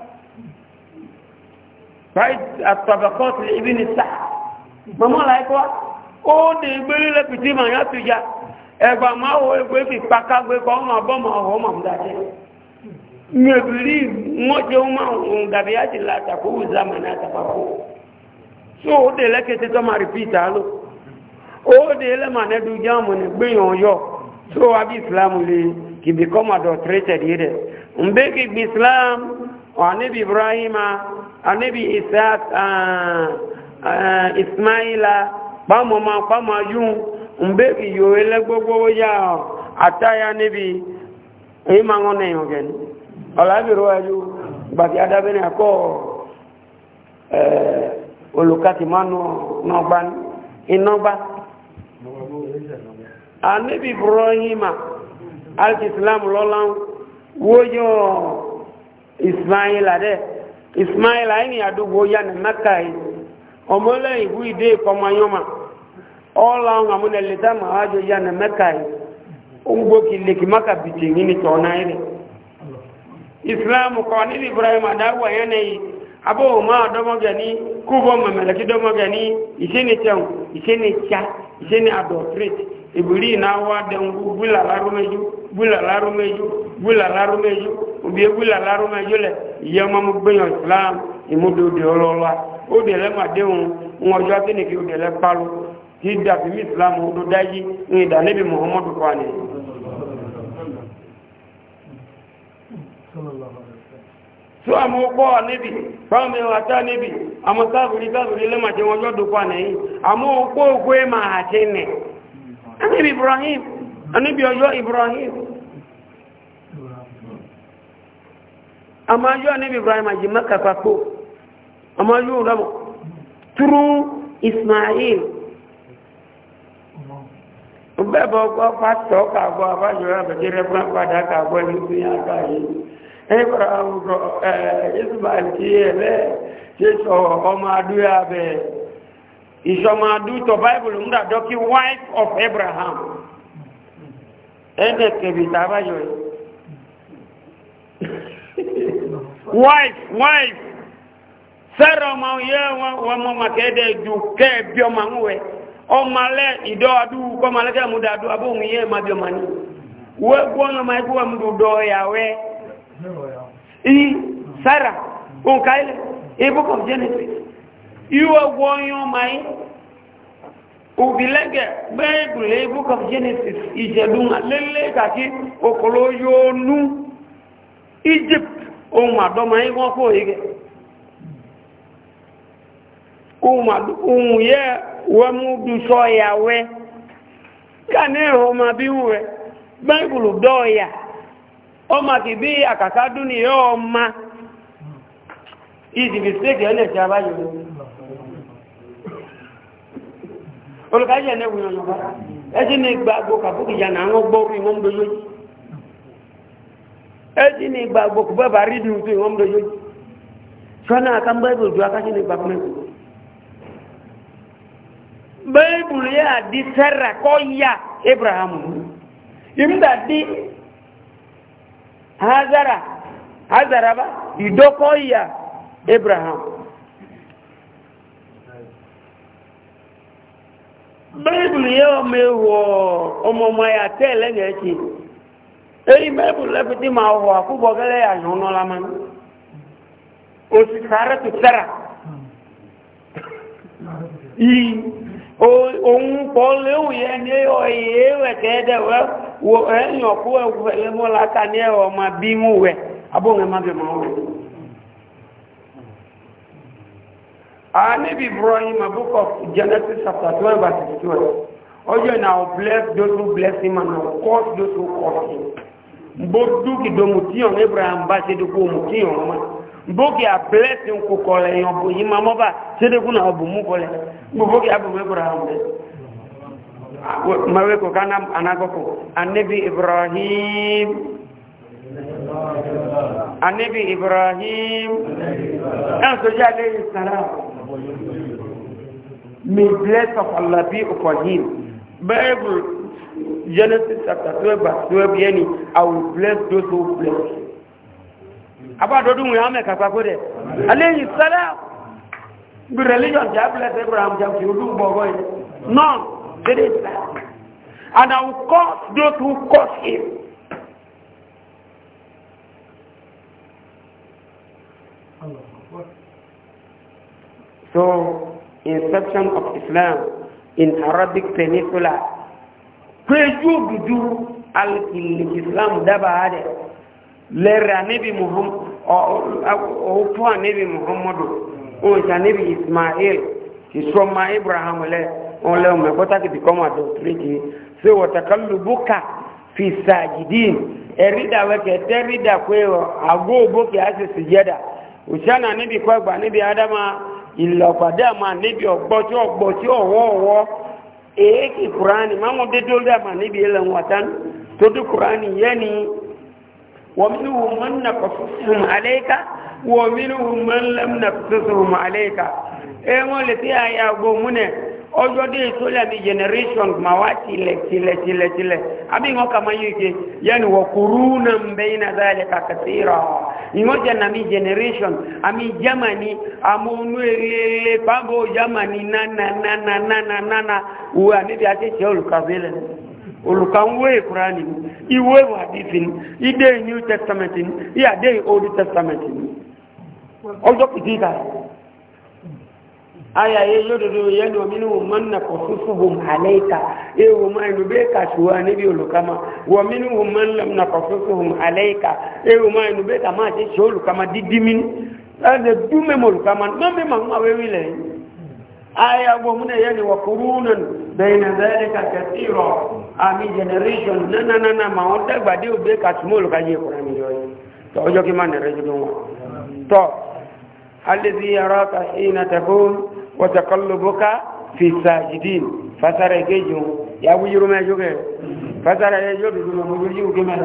الطبقات لابن السحر mọ́mọ́ láìkọ́ ó la anabi isaac ismaila kpamọ́mọ́ kpamájú mgbe iyo lé gbogbo yá àtàyà èyí máa ń wọn ẹ̀yàn gẹ̀ẹ́ni ọ̀làbìrò ẹ̀yọ́ gbàtí adábẹ́ni àkọ́ olùkàtì máa nọgbà ma anabi ibrahima ismaila ismail aini adugbo ya na maka yi omole ibu ide kọma yoma ọla ọnà mú lẹlẹta ma ya na maka yi ogbó kìlẹ̀kì maka bìtì yìí ni tọ̀ náà rẹ̀ islam kọ níbi ibrahim adáwọ̀ yẹn na yìí abó ìṣẹ́ni ìṣẹ́ni ìṣẹ́ni ibiri na wa den bula laru bula laru bula laru meju obi bula laru meju le iya ma mu gbeyan islam imudo de olola o de le ma de un ojo kini ki o de le palu ti da bi mi islam o do daji ni da nabi muhammad ko ani so amo ko nabi fami wa ta nabi amo saburi saburi le ma je won jo do ko ani amo ko ko ma atene anabi ibrahim anabi ọjọ́ ibrahim ọmọ ọjọ́ anabi ibrahim àjìmọ́kà papò ọmọ ọjọ́ òrọ́mọ̀ through ismail bẹ́ẹ̀bọ̀ ọgbọ́ pàtọ́ kàgbọ́ abájọ́ àbẹ̀jẹ́rẹ́ fún àpàdà kàgbọ́ ẹni tó yá káyé ẹgbẹ̀rẹ̀ àwùjọ ẹ̀ẹ́sùbà tí ẹ̀lẹ́ ìṣọmọ adútọ bible ń dàjọ kí wife of abraham wife wife sẹ́rọ̀ ọmọ yẹ wọn mọ màkẹ́dẹ̀ ju kẹ́ẹ̀bí ọmọ ń wẹ ọmọ ìdọ́ adúgbò kọ́ màlẹ́ dàdú abóhùn yẹ má bí ọmọ ní wọ́n ma ọmọ sẹ́rà òǹkà ilẹ̀ ibùkọ̀ iwe gwọ onye ọmaghị òbílẹ́gẹ̀ gbẹ́gbẹ̀lẹ́ book of genesis ìṣẹ̀dúnmà lélẹ́ ka òkòlò yóò nú egypt ohun àdọ́mà yí wọ́n ohun yẹ́ wẹ́múdú sọ ìyàwẹ́ ká ma bi bí ń rẹ̀ gbẹ́gbẹ̀lù dọ́ọ̀yà ọmọ olùkájẹ̀ ní ìwòyàn yọ̀bá ẹjí ní gbàgbò kàbùkìjà náà wọ́n gbọ́rú ìwọ́n mdójó yìí ẹjí ní gbàgbò kùbẹ́ bá rí dùn tó ìwọ́n mdójó yìí sọ́nà àtàmbá ìbòjú akájí ní gbàgbò mẹ́kù bẹ́ẹ̀bùlù yẹ́ di sẹ́rà kọ́ abraham di hazara hazara bá ìdókọ́ ya bẹ́ẹ̀bùlù yẹ́ ọmọ ewò ọmọ ọmọ ẹ̀yà tẹ́ lẹ́yìn ẹ̀kì èyí bẹ́ẹ̀bùlù lẹ́fi tí ma wọ̀ àkúbọ̀ gẹ́lẹ́ àyàn náà lámá òsì sàárẹ̀ tó sára yìí òun pọ̀ léwu yẹn ní ọ̀yẹ́ ẹ̀kẹ́ ẹ̀dẹ̀ wẹ́ wọ ẹ̀yàn ọkụ ewu ẹ̀lẹ́mọ́lá ta ní ẹ̀wọ̀ ọmọ wẹ̀ abóhùn ẹ̀ má bẹ̀ Anabi Ibrahim, book of Genesis chapter 12 verse 12. Ojo now bless those who bless him and now curse those who curse him. Mbodu ki do mutiyon Ibrahim ba se de ko mutiyon ma. Mbogi a bless him ko kole yon bo yima mo ba se de kuna obu mu kole. Mbogi abu Ibrahim be. Mawe ko kana anago ko. Anabi Ibrahim Anabi Ibrahim. Anabi Ibrahim. Anabi Ibrahim. may bless of Allah be upon him. Bible, Genesis chapter 12, verse 12, yani, I will bless those who bless you. Abadodun we ame kakako de. Alayhi salam. The religion that bless Abraham, that you do boy. No, that is that. And I will curse those who curse him. Allah. So, inception of Islam in Arabic Peninsula. Kweju dudu al-Islam daba hade. Lera nebi Muhammad, opuwa nebi Muhammadu, oja nebi Ismail, isoma Ibrahim le, onle umekota kitikoma doctrine. So, watakalubuka fi sajidin. Erida weke, terida kweo, agobo kiasi sujeda. Ushana nebi kwa gba nebi Adama, ìlọ̀pàdé àmà níbi ọ̀gbọ́ tí ọ̀gbọ́ tí ọ̀wọ́ ọ̀wọ́ èékì kùránì máwọn dédó dàmà níbi ẹlẹ́wọ̀n àtàn tó dú kùránì yẹ́ni wọ́mílùú mọ́n nà kọ̀sùsùn àlẹ́ka wọ́mílùú ọjọ́ dé tó lẹ́bi generation ma wá tilẹ̀ tilẹ̀ tilẹ̀ tilẹ̀ àbí wọn kà máa yíke yẹn wọ kúrú na ń bẹ iná dáadé kàkà sí rọ ìwọ́n jẹ́ na mi generation àmì germany àmúnú eré pàbó germany nánanánanánánà wọ àmìbí àti ṣe olùkàwé lẹ́nu olùkàwé ìkúrá ni ìwé wà dífin new testament ní ìyàdé old testament ọjọ́ kìtìkà aya ye yododo yendo minhum man naqasusuhum alayka ewu ma inu be ka suwa ni bi olukama wa minhum man lam naqasusuhum alayka ewu ma inu be ka ma ti so olukama didi min ade dume mo olukama ma be ma ma we wile aya go mun ye ni wa qurunan bayna zalika kathira ami generation na na na na ma on dagba de obe ka sumo olukaye qur'an yo to ojo ki ma ne rejo wa to الذي يراك حين تكون وتقلبك في الساجدين فترى يجي يا ويرو ما يجوك فترى يجوك ما مجيو كما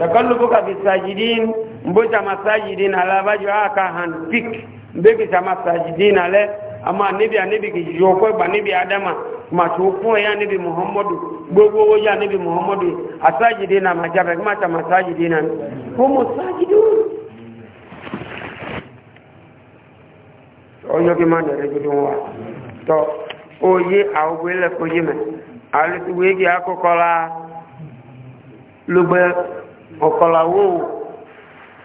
تقلبك في الساجدين مبوتا مساجدين على باجو هكا هنبيك mbeki ta masajidin ale ama nebi anebi kijoko ba nebi adama matukuo ya nebi muhammadu gbogbo ya nebi muhammadu asajidina majabe kuma ta masajidina humu sajidun ọjọ́ kí máa dẹ̀rẹ̀ gbogbo wa tọ́ oyé àwọ̀gbé lẹ́kọ̀ọ́ yé mẹ́ àlùsíwé kí akọ́kọ́lá ló gbẹ ọ̀kọ́lá wò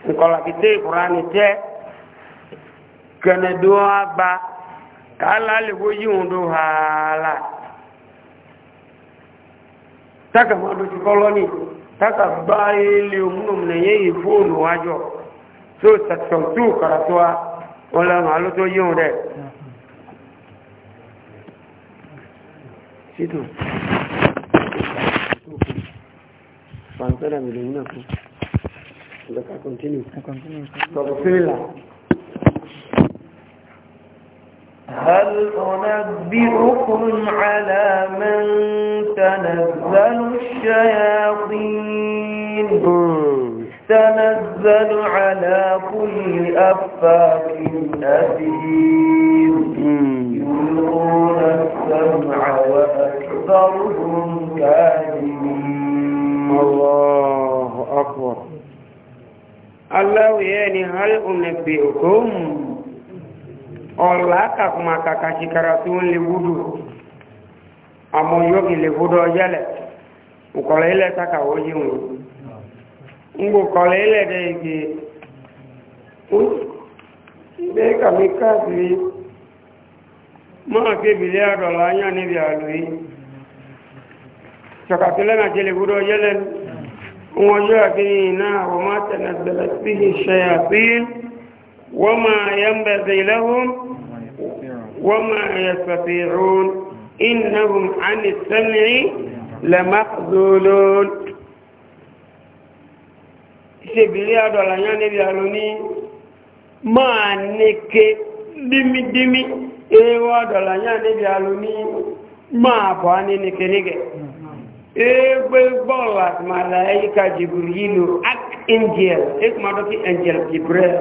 nkọ́lá kété ìkùránì tẹ́ kẹnẹdó agba kàálà lè wó yí wọn dó hàálà tákà máa dojú kọ́lọ́nì tákà bá ilé òmùnà yẹ́ yìí fóònù wájọ tó tàtàtù kàràtọ́ wa ọlọ́run alótó yíò rẹ̀ sítò pàǹtọ́dà mìlò yínà fún ìjọka kọntínú tọ̀bọ̀fẹ́lá هل أنبئكم على من تنزل الشياطين تنزل على كل أفاك أثيم يلقون السمع وأكثرهم كاذبين الله أكبر الله يعني هل أنبئكم ọ̀la kàkùmà kàkà ṣìkàrà tó ń lè wúdù àmọ́ yóò kì lè wúdù ọjẹ́lẹ̀ òkọ̀lẹ̀ ilẹ̀ takàwọ́ yíò ngo kọlẹ̀ ilẹ̀dẹ̀ igi ilé kàmí káàkiri máa kébìlẹ̀ àdọ̀lá yà níbi àlùí ṣọ̀kàtílẹ̀ àti ilẹ̀gúdọ̀ yẹ́lẹ̀ wọn yóò àkíní iná àwọn máa tẹ̀lẹ̀ bẹ̀rẹ̀ sí iṣẹ́ àti wọ́n máa yẹ ń bẹ̀rẹ̀ lẹ́hùn wọ́n máa yẹ sàfihàn innahum an sami lamakzulun ṣèbìlì àdọ̀là yá níbi àlò ní máa nìke dímídímí ewu àdọ̀là yá níbi àlò ní máa bọ̀ á ní nìkẹ́nìkẹ́ egbe bọ́ọ̀lù àtìmàlà ẹ̀yíká jìbìrì yìí lò ak angel ekumadọ́ kí angel jibril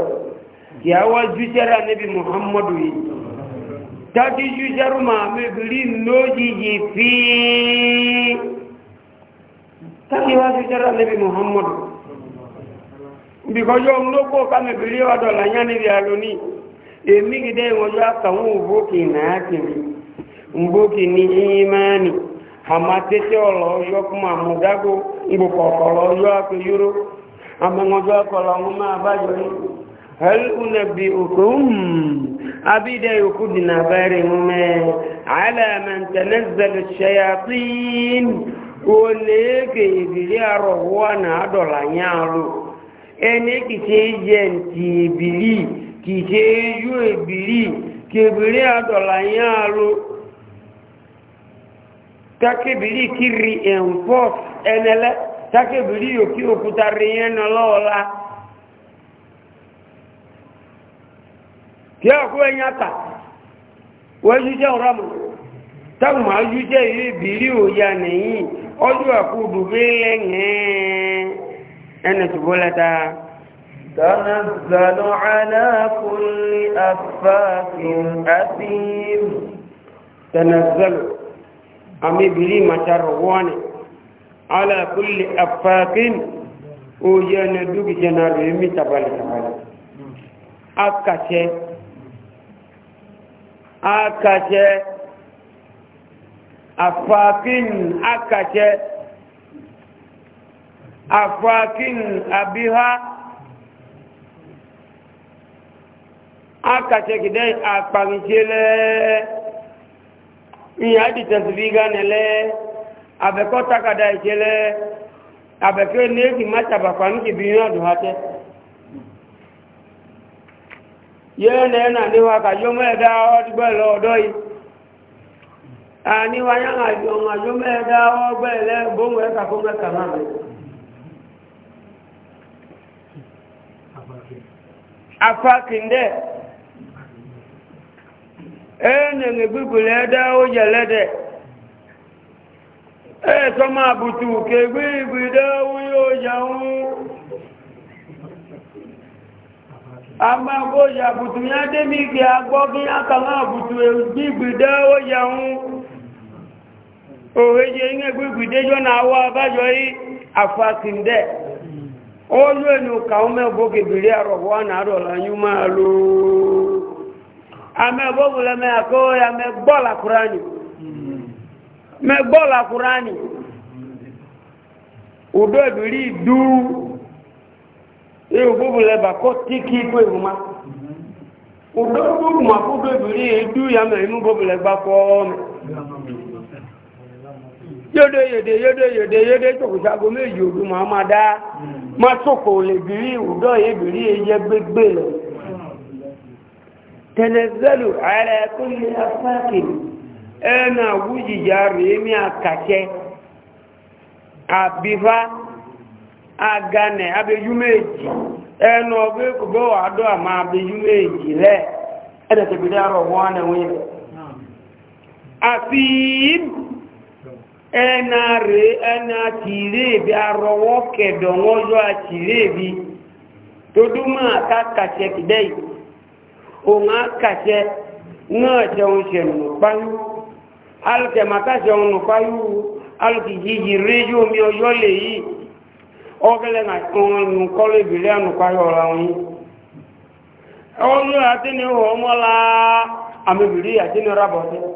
yàwó jùsẹ́rà níbi muhammadu yìí tàbí jùsẹ́rù màmí bìrì lójijì fíì tàbí wá jùsẹ́rà níbi muhammadu bìkọ́jọ́ olóko kámẹ́bìrì ọ̀dọ̀ làyán níbi àlóní èmi gidẹ́ ìwọ̀jọ́ àkàwọn òbókì náà kìrì ní ìmáàni àmàtẹ́tẹ́ ọ̀lọ́ ọjọ́ kúmọ̀ àmúdágó gbòkọ̀ọ̀kọ̀lọ́ ọjọ́ ẹni kì ṣe yẹ ti ìbìlì kì ṣe yú ìbìlì kì ìbìlì àdọ̀là yẹn àlò takebìlì kiri ẹ̀ǹfọ́ ẹnẹlẹ́ takebìlì yòókì òkúta rí yẹn lọ́ọ̀la. kí ọkú ẹ̀yìn àtà wọ́n yújẹ́ ọ̀rọ̀ mọ̀ táwọn máa yújẹ́ ìlú ìbìlì òyà nìyí ọjọ́ lẹ́yìn ẹni tó bọ́lá dáa. تنزل على كل أفاك أثيم تنزل أمي بلي ما ترواني على كل أفاك oye ne dugi jenaro emi tabali tabali akache akache afakin akache afakin abiha aka cekide akpagichele ihe aditensibiganele abeko takada ichele abeko n'eji machabakwa nkibi ihe ọdụ ha te yee na ena n'ihu ka yomo eda ọdịgbele ọdọghị aniwa ya na yomo eda ọgbele bụ nwere kakọ nwere kama mere afakinde enenge gbigule ẹdẹ oyẹ lẹdẹ e so ma butu ke oyẹ oyẹ ohun a máa bó yà bùtù yá ya kí a gbọ́ kí a kà máa bùtù ìgbìdẹ oyẹ ohun òwe yẹ ń gbígbìdẹ yọ náà wá abájọ yi afakinde. olu enu ka ume boge bili arobo na arola nyuma lu ame bogo le me ya me bola qurani me bola qurani udo bili du e bogo le ba tiki ko ihuma udo bogo ma bogo bili du ya me nu bogo le ba yóò yèdè yóò yèdè yóò tòkùsàgó méjì òdu màá ma dá hmm. má sòkò lè bìrì òdò yé bìrì yé gbégbé lọ. Hmm. tẹnẹsẹlù ààrẹ kúnlẹ afáàkì na wújìjà rèé mi àkàṣẹ àbífá aganẹ abẹjú méjì ọgbẹ àdó àmà méjì lẹ wọn ẹna rẹ̀ ẹna tìrèbí arọwọ́ kẹ̀dọ̀ wọ́n yọ àtìrèbí tó dúmọ̀ àká kàṣẹ kìdẹ́ yìí òun á náà ṣẹun ṣẹ̀nù páyú alùkẹ̀màkà ṣẹun nù páyú alùkìyíyí rédí lè yìí ọgẹ́lẹ̀ nù nù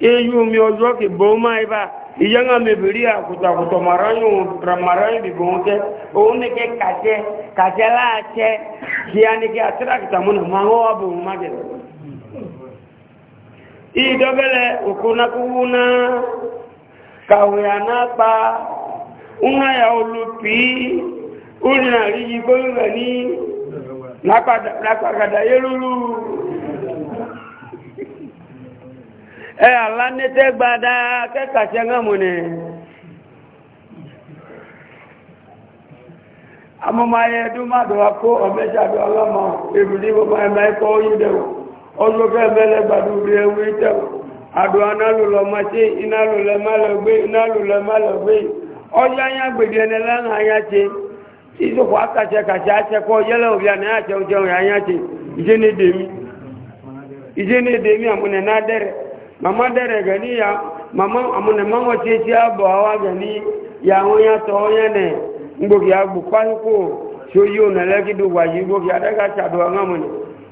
ihe mi ọjọ́ kì bọ́ máa ibá ìyáǹgá mẹ́bìrí àkùtàkùtọ̀ màráyùn bìbò ń tẹ́ ke ní kẹ́ a ní kí àtíràkìtà múnà máa bụ bò ń máa gẹ̀rẹ̀ ìdọ́bẹ̀lẹ̀ òkúnákúwú náà kàwẹ̀yà ẹ alánẹ́tẹ́ gbada kẹ́kàṣẹ́ ya a dúnmàdọ̀wà kó ọ̀mẹ́sàdọ̀ ọlọ́mọ ìrùlé gbogbo ẹ̀mà ikọ̀ oyídẹ̀wò ọlọ́fẹ́ mẹ́lẹ́gbàdú rí ẹwú ìtẹ̀wò àdó análùlọ́mọ́sí àmúnẹ̀ náà dẹ̀rẹ̀ mama dere gani ya mama amune mama tieti abo awa gani ya onya to onya ne ngbogi agbu kwanuko so yi yo na leki du wa yi ngbogi adaga chadu anga mune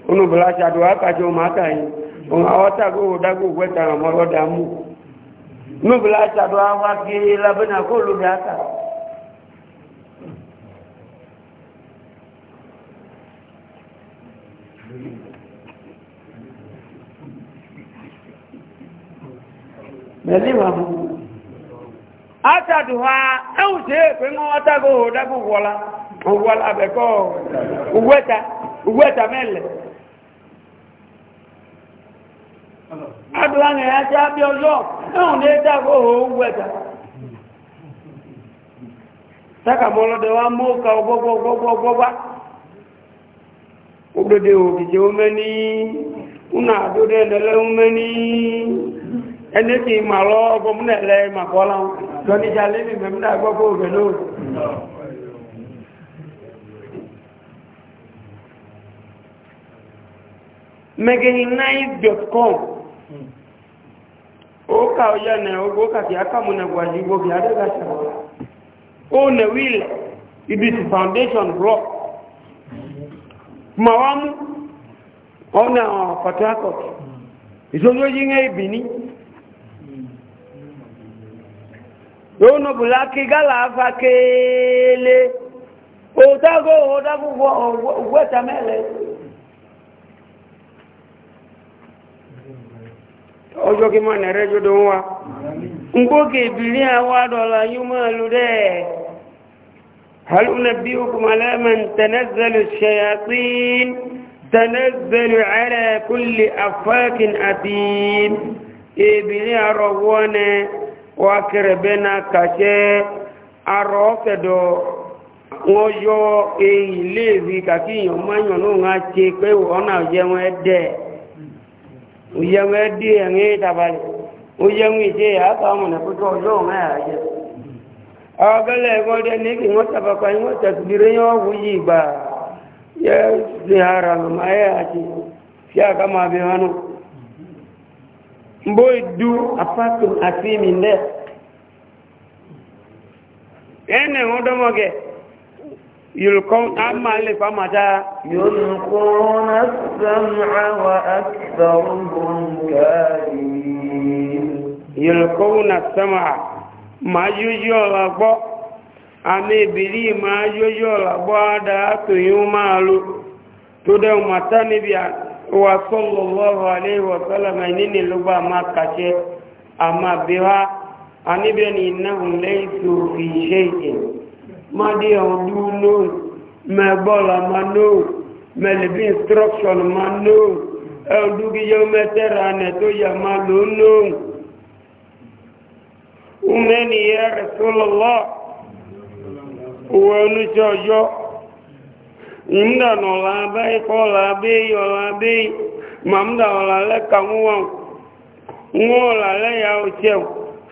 unu bla chadu aka jo maka yi on awata go dago gweta na moro damu nu bla chadu awa ki labana ko lu aka ẹ̀lẹ́wà mú átàdùwà ẹ̀hùn tí è pé wọ́n ọ́tàgò ní ẹ́tàgò òwẹ́ta ẹ̀dẹ̀lẹ́ ní ẹni kì í mà lọ gómìnà ẹlẹ màkọ́lá lọ́nìjà lẹ́mí mẹ́mìnà gbọ́gbọ́ òbẹ̀ lóòrùn megehinai.com ó kà ó yẹ nẹ ogbó kàkì ákàmùnà gbàjú gbogbo adégbàṣà ó nẹ wílẹ̀ ibi ti foundation block ma wá mú na ọ̀pọ̀tọ́ àkọ́kì ìṣòro yí ìbìní lóòrùn òbúlá kí gálà afa kéèlé òtágó òdágúgbò ògbẹ́ta mẹ́lẹ̀ ọjọ́ kí mọ́ nẹ̀rẹ́ jọdọ wa ngbókè ìbìrí àwọn adọ́la yíò máa lò dẹ́ wa na kache aro kedo ngoyo eyi levi kaki yon manyo no nga che pe ona yenwe de uyenwe de tabali je ya ka mo na puto yo nga ya je agale go de ni ki ngota ba ngota yo ba ya ma ya bi hanu mboy du apatum asimi nde ene odomoge yulqon amma le famata yulqon as-sam'a wa aktharuhum kadhibin yulqon as-sam'a ma yujo lagbo ame bili ma yujo lagbo da to yumalu to de matani bi wa sallallahu alaihi wa sallam nini luba ma kace amma biwa anibe ni innahum laysu fi shay'in ma di odu no me bola ma no me le bi instruction ma no odu gi yo me ne to ya ma lo umeni ya rasulullah wa nu jojo mda na ọla abai ka ọla abai ọla ma mda ọla le ka nwa nwa ọla le ya oche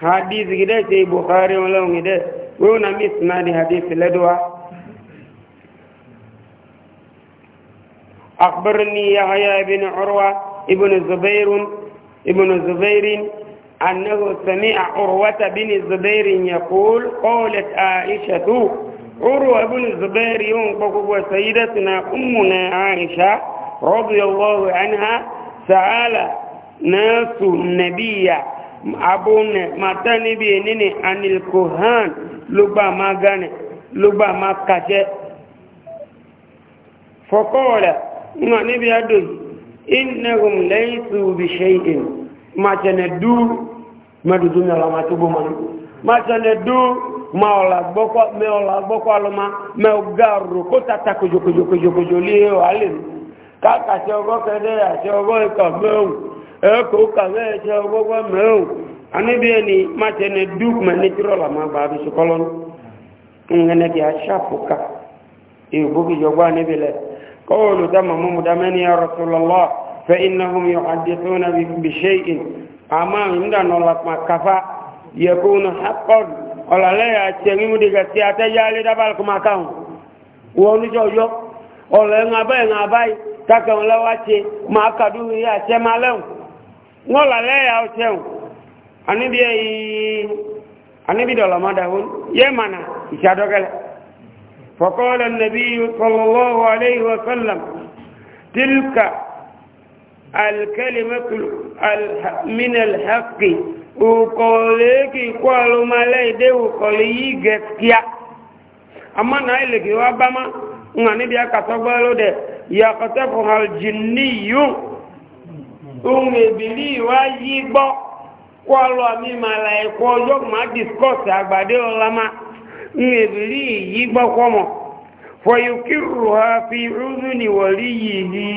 hadith gide te bukhari ọla ngide wewe na mi sinadi hadith ledwa أخبرني يحيى بن عروة ابن الزبير ابن الزبير أنه سمع عروة بن الزبير يقول قولت عائشة عروة بن الزبير ينقق سيدتنا أمنا عائشة رضي الله عنها سأل ناس النبي أبون متى نبي نيني عن الكهان لبا ما غني لبا ما كشه فقال ما نبي أدوي إنهم ليسوا بشيء ما تندو ما تدون الله ما تبو ما تندو ma ọ̀la gbọ́kọ́ mẹ ọ̀la gbọ́kọ́ alọ́mà mẹ o ọ̀rọ̀ ka tata kojokojokojokojo lé wà lè mú káàkà ṣe ọgọ́ kẹ́dẹ́ àṣẹ ọgọ́ ikọ̀ mẹ́hùn ẹ̀kọ́ ṣe ní dúk mẹ́ ní tírọ̀là kafa na ọ̀làlẹ́ àti ẹ̀mí múdé gẹ̀ẹ́sì àtẹ́yálé dábàlì kó máa káwọn wọ́n oníjọ́ yọ ọ̀lọ́ ẹ̀rùn abáyé ẹ̀rùn abáyé kákẹ́wọn lọ́wọ́ ṣe máa kàdú rí àṣẹ máa lẹ́hùn wọ́n ọ̀làlẹ́ yà ọ̀ṣẹ́ hùn àníbi ẹ̀yìn àníbi dọ̀lọ́ mọ́dà hún yé mànà ìṣàdọ́gẹ́lẹ̀ فقال النبي صلى الله عليه وسلم تلك الكلمة من الحق ukole eke male de ukole yi gaskiya amma na ile ki wa ba ma ngani biya ka tagbalo de ya qatafu hal jinniyu unge bili wa yi gbo ami mala e ko yo ma discuss agbade olama unge bili yi gbo ko mo fa yukirruha fi udhuni waliyihi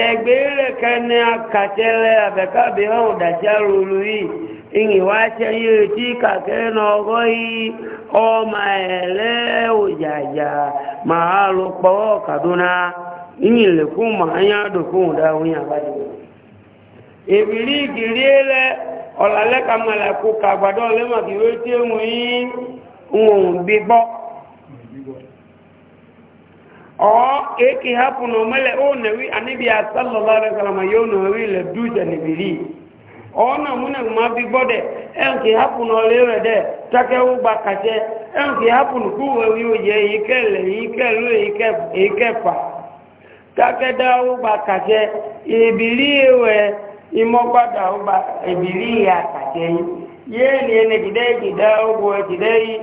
ẹgbẹ́ rẹ̀ kẹ́ni akàtẹ́lẹ̀ àbẹ̀kábẹ̀ ọ̀hún dàṣà lulu yìí ìyìnwá ṣẹyẹ tí kàkẹ́ náà ọgọ́ yìí ọmọ ẹ̀lẹ́ òjàjà màá lọ pọ̀ kàdúnà ìyìnlẹ̀kùn màá yá dòkùn dáhùn yà bá dìbò. ìbílí ìgìrí lẹ ọ̀làlẹ́ kàmàlà kó kàgbàdo ọ̀lẹ́màkìwé tí ọ eke hapụ na omele onewi anibia sallallahu alaihi wasallam yo nowi le duja ni biri ona mune ma bi gbode enke hapụ na le re de take u gba kaje enke hapụ na ku we wi oye ikele ikele ike ikefa take da u gba kaje ibili ewe imogbada u gba ibili ya kaje ye ni ene gide gide ogwo gide yi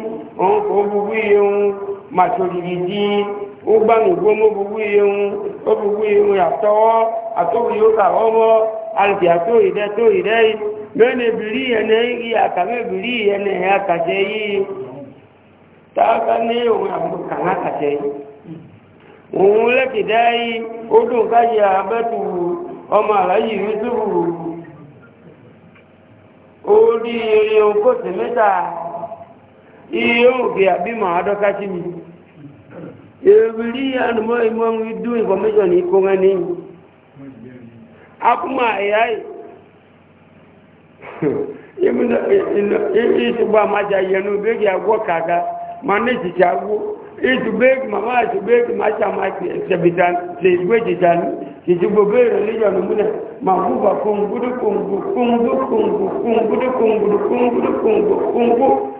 o ko bubu yi o ma so dii. ụgbanwe gbom obugbu ihe nwu obugbu ihe nwu atọwọ atụghị ka ọmọ alụpị atụghịde tụghịde yi mee na ebiri ihe na ehi aka ma ebiri taaka na onwe abụ ka ha kacha eyi òun lẹ́kìdá yìí ó dùn káyẹ àbẹ́tù mi ewiri ya na mọ imọ nwi du information iko nga ni akuma ai yemuna isi gba maja yenu begi agwo kaka mana isi agwo isi macha religion ma buba kungudu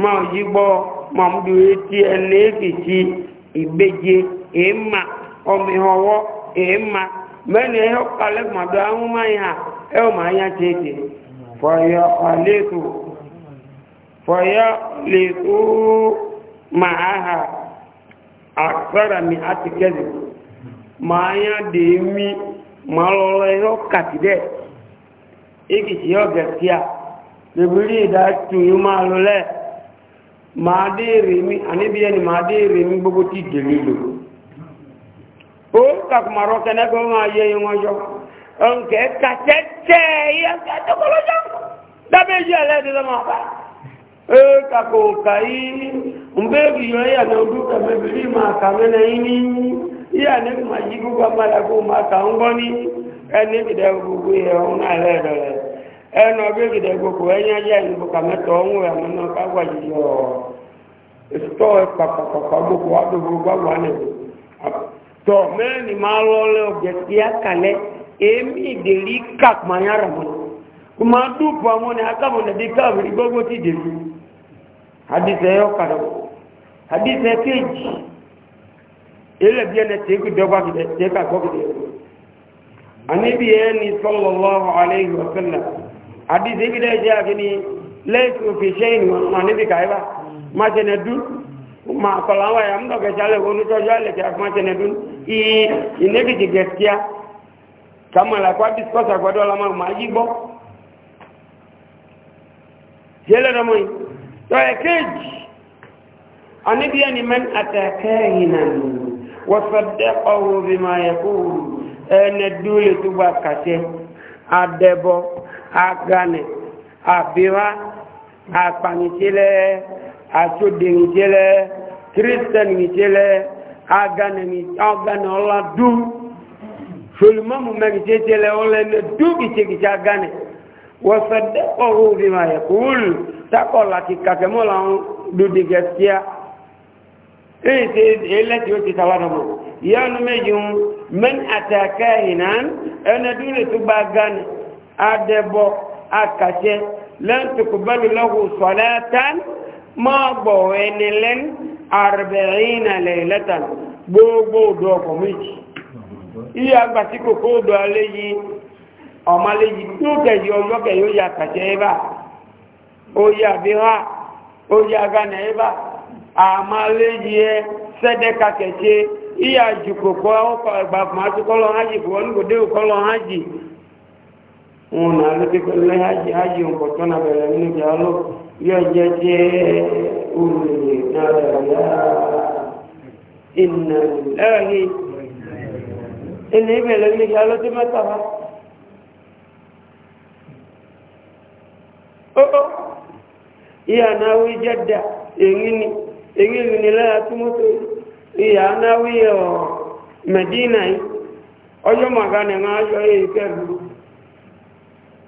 ma yígbọ́ máa ń du etí ẹni èkìtì ìgbéje èémà ọmọ ìhọwọ́ èémà mẹ́ni ẹ̀ ọ̀kalẹ̀ màdọ̀ àwọn máa yà ẹ̀ ọ̀ máa yà tètè fọyọ́ àlétò mi máa dé èrè mi àníbi ẹni máa dé èrè mi gbogbo tí ìdèmí lò ó kàkùmàrọ̀ kẹ́nẹ́gbẹ́ máa yẹ ìwọ̀n yọ ọ̀nkẹ́ kàtẹ́tẹ́ ìyá kàtẹ́kọ̀lọ́jọ́ dábẹ́jì ẹlẹ́dẹ̀lọ́mọ̀ ọ̀pá kako kai mbegi yo ya na uduka bebili ma kamene ini ya ne majibu kwa mara ko ma ka ngoni ene bidau bugu ya una lele ẹnu ọbẹ̀ gidi gbogbo ẹ̀yìn ayé ẹ̀yìn gbogbo àmẹ́tọ̀ ọ̀hún ẹ̀ àmọ́ náà ká wà yìí ọ̀ ìtọ́ ẹ̀ pàpàpàpà gbogbo wa gbogbo wa wà lẹ̀ tọ̀ mẹ́rin máa lọ lẹ́ ọ̀jẹ̀ sí àkàlẹ́ èmi ìdèrí kàp máa yára mọ́ kò máa gbogbo ti kéèjì bí àníbi ẹni àdìsí ibi lẹ́ẹ̀jẹ́ àkíní lẹ́ẹ̀kì òfìṣẹ́ ìnìwọ̀n níbi kàíbà má ṣe nẹ dún ma kọ̀lá wà yà ń dọ̀kẹ̀ ṣálẹ̀ onítọ́jú àlẹ̀kẹ̀ àkọ́ má ṣe nẹ dún iye ìnẹ́gìdì gẹ̀ẹ́síá kàmàlà kó àdìsíkọ́sà gbọ́dọ̀ ọlọ́mọ mà yí gbọ́ jẹ́lẹ̀ ọmọ yìí tọ́ ẹ̀ kéèjì àníbi ẹni mẹ́ni àtẹ̀kẹ́ ìhìnà wọ́sọ̀dẹ́ ọ̀rọ̀ bí agane abiwa akpanitsele atsodenitsele kristianitsele agane agane ɔla du solimamu mɛnitsetsele ɔlɛ ne du kitsekitse agane wɔfɛ dɛkɔru bi ma yɛ kulu takɔla kika kɛmɛ la ŋu dodi gɛsia eyi te elɛ ti o ti ta wa dɔmɔ yanu mɛ yi ŋu mɛn ata kɛ yinan ɛnɛ du le tugba agane. adẹ́bọ akàṣẹ lẹ́ntùkùbẹ́lù lọ́wọ́ sọ̀lẹ́tàn máa gbọ̀ ẹni lẹ́n àrẹ̀bẹ̀rìnà gbogbo odò ọkọ̀ méjì iye agbàtí kòkó odò alẹ́ yìí ọmọ alẹ́ yìí tó kẹ̀yí ọjọ́ kẹ̀yí ó yà akàṣẹ ẹ̀bà ó yà abíhá ó yà agánà ẹ̀bà wọn náà ló dé pẹ̀lú ayé ayé nǹkan náà bẹ̀rẹ̀ nínú ìjà lọ yóò jẹ́ jẹ́ olùrè náà yá ìnà lẹ́yìn ilé ìbẹ̀rẹ̀ nínú ìjà lọ sí mẹ́ta wa. ìyá náà wí jẹ́dà èyí èyí ni nílẹ̀ àtúmọ̀tò ìyá náà wí ọ̀ mẹ̀dínà yìí ọjọ́ màgá nìkan ayọ̀ èyí kẹ́rù.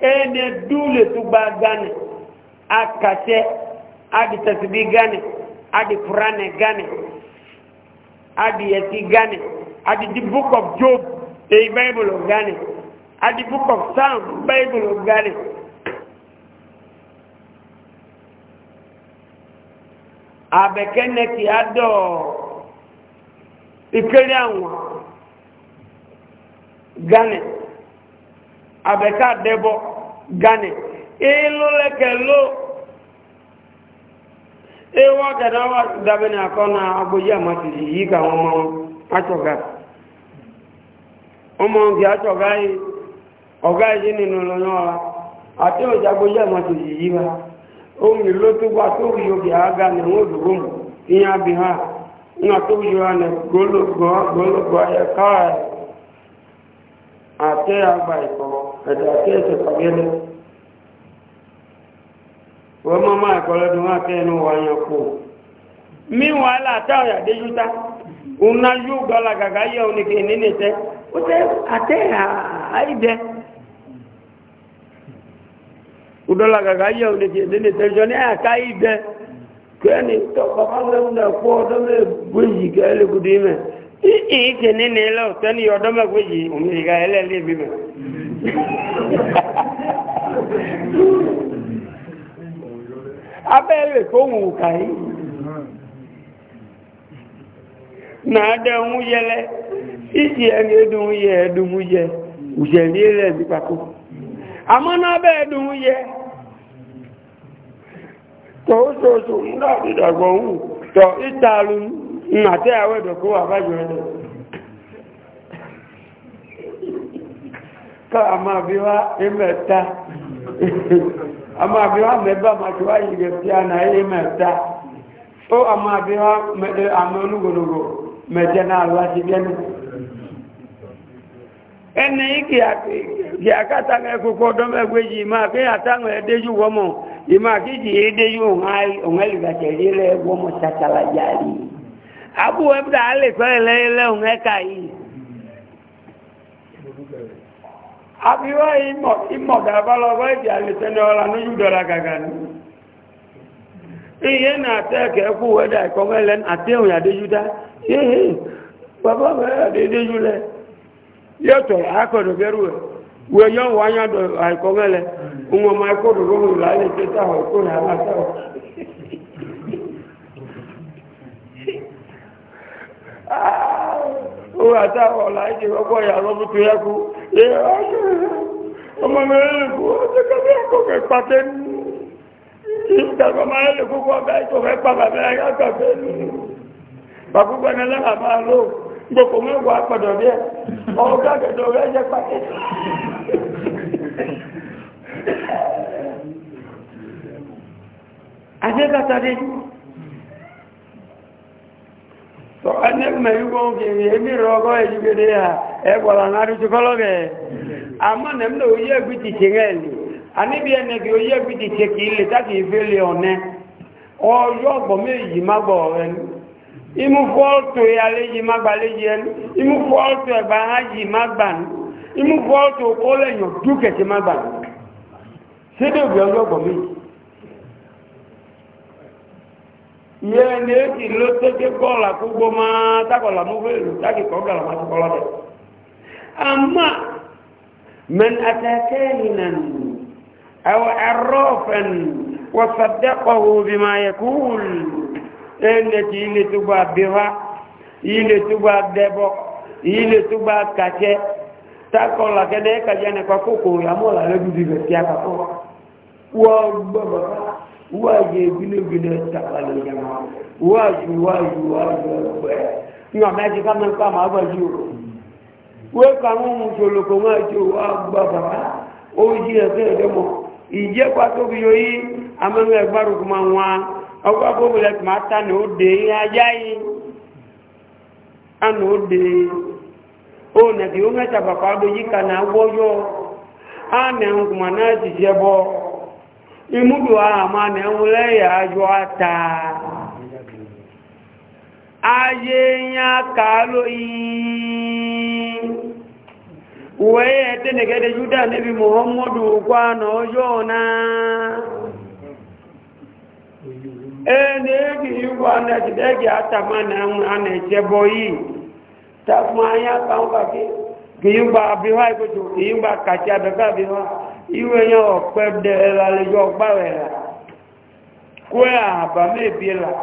ene dule tuba gane akase adi tasbi gane adi qurane gane adi yati gane adi the book of job the bible of gane adi book of psalm bible of gane abekene ki ado ikere awon gane abeka debo gani ilu leke lo ewa gada wa dabe ni akona agboji amasiri yi ka wọn mọ atọga ọmọ nke atọga yi ọga yi nínú lọnà ati àti ọjà agboji amasiri yi ba omi ló tó wà tó wù yóò kì á ga ní wọn òdòdó mu ìyẹn abi ha ńà tó wù yóò ní gbólógbó gbólógbó ayẹ káà àti àgbà ìkọ̀wọ́. ẹ̀dà kéèkì pàgẹ́lẹ̀ wọ́n mọ́ máa kọ́lọ́dún wá kẹ́ẹ̀nù wáyàn kò mí wàhálà táwọ̀yà déjúta una yóò gbala gàgà yẹ oníkè nínú ìtẹ́ ó tẹ́ àtẹ́ àìdẹ́ udọ́la gàgà yẹ oníkè nínú jọ ní àká ìdẹ́ kẹ́ni ọdọ́ abẹ́rẹ́ tó wù kà náà dẹ̀ ń yẹ ẹni ẹdùn yẹ ẹdùn yẹ òṣèlú rẹ̀ bí pàkó àmọ́ náà ẹdùn yẹ tó ṣoṣo ńlá ìtàlù ẹ̀dọ̀ ka a ma wa ime ta a ma bi wa me ba ma ti wa yi ime taa, o a ma bi wa me de a me na ala si bi ene ene yi ki a a ka tanga e koko do me gwe ji ma ki a tanga e deju wo ma ki ji e deju o nga yi o nga yi ga che li le wo mo abu e bi le abiwa imọ̀ imọ̀ dàbá lọ́wọ́ ìdí àlùsẹ́ni ọ̀la ní yúdọ̀lá gàgà ní iye náà tẹ́ẹ̀kẹ́ kú wẹ́dà ìkọ́mẹ́lẹ́ àtẹ́hùn àdéjúdá yéhe bàbá bẹ́ẹ̀ àdéjúlẹ̀ yẹ́tọ̀ akọ̀dọ̀gẹ́rù ẹ̀ wẹ́ ọmọ mẹ́rin kú ọjọ́ kẹfẹ́ àkọ́kẹ́ pàtẹ́ nù ìgbàgbọ́ máa lè gbogbo ọgá ìtò fẹ́ pa bàbá ayágbàgbé nù bàbúgbà ní lẹ́nà máa lò gbogbo mẹ́wàá àpàdọ̀ bí ẹ rẹ̀ jẹ́ pàtẹ́ ẹgbọ̀rọ̀ na kọ́lọ́gẹ̀ àmọ́nà mọ́ oyé ẹgbìtì ṣe rẹ̀lì àníbi ẹnẹ̀gì oyé ẹgbìtì ṣe kìí lè tàbí ìfẹ́lẹ̀ ọ̀nẹ́ ọjọ́ ọgbọ̀ méjì mágbọ̀ rẹ̀ imú fọ́ọ̀tù àlejì mágbà léjì ẹnu imú fọ́ọ̀tù ẹgbà ní máa mú tákì ti bẹ̀rẹ̀ أما من أتى كاهنا أو عرافا وصدقه بما يقول التي إيه لتبع بها إيه لتبع دبق إيه لتبع كاكي تقول لك ديك جانا كوكو يا مولا لدي بسيا كوكو وبابا واجي بنو بنو تقال الجماعة واجي واجي واجي واجي نعم أجي كمان كام أبجيو wẹ́ẹ̀kọ́ àwọn ohun ìṣòlòkò máa jẹ́ òwò àgbà bàbá ó jí ẹ̀fẹ́ ẹ̀dẹ́mọ̀ ìjẹ́pá tó fi yọ yí amẹ́rin ẹgbàrúkú máa wá ọgbà bóbulẹ̀ tí máa tà ní ó dé ajá yìí àná ó dé ó nàbí ó mẹ́ta bàbá ló yí kà náà wọ́yọ́ àná ẹ̀hún kùmà náà ti jẹ́ bọ́ àmà ayé ya kàálò yìí wẹ́ ẹ̀tẹ́nẹ̀gẹ́dẹ̀ júdà níbi muhammadu kwánà ọjọ́ náà ẹni èkì yíwa nẹ́tìdẹ́gì àtàmánà àmì ìjẹbọ yìí tàfún ayá kàún kàkí kì yí gba àbíwá gba kàtí àbẹ̀ká àbíwá ìwé ọ̀pẹ́ ọgbà rẹ̀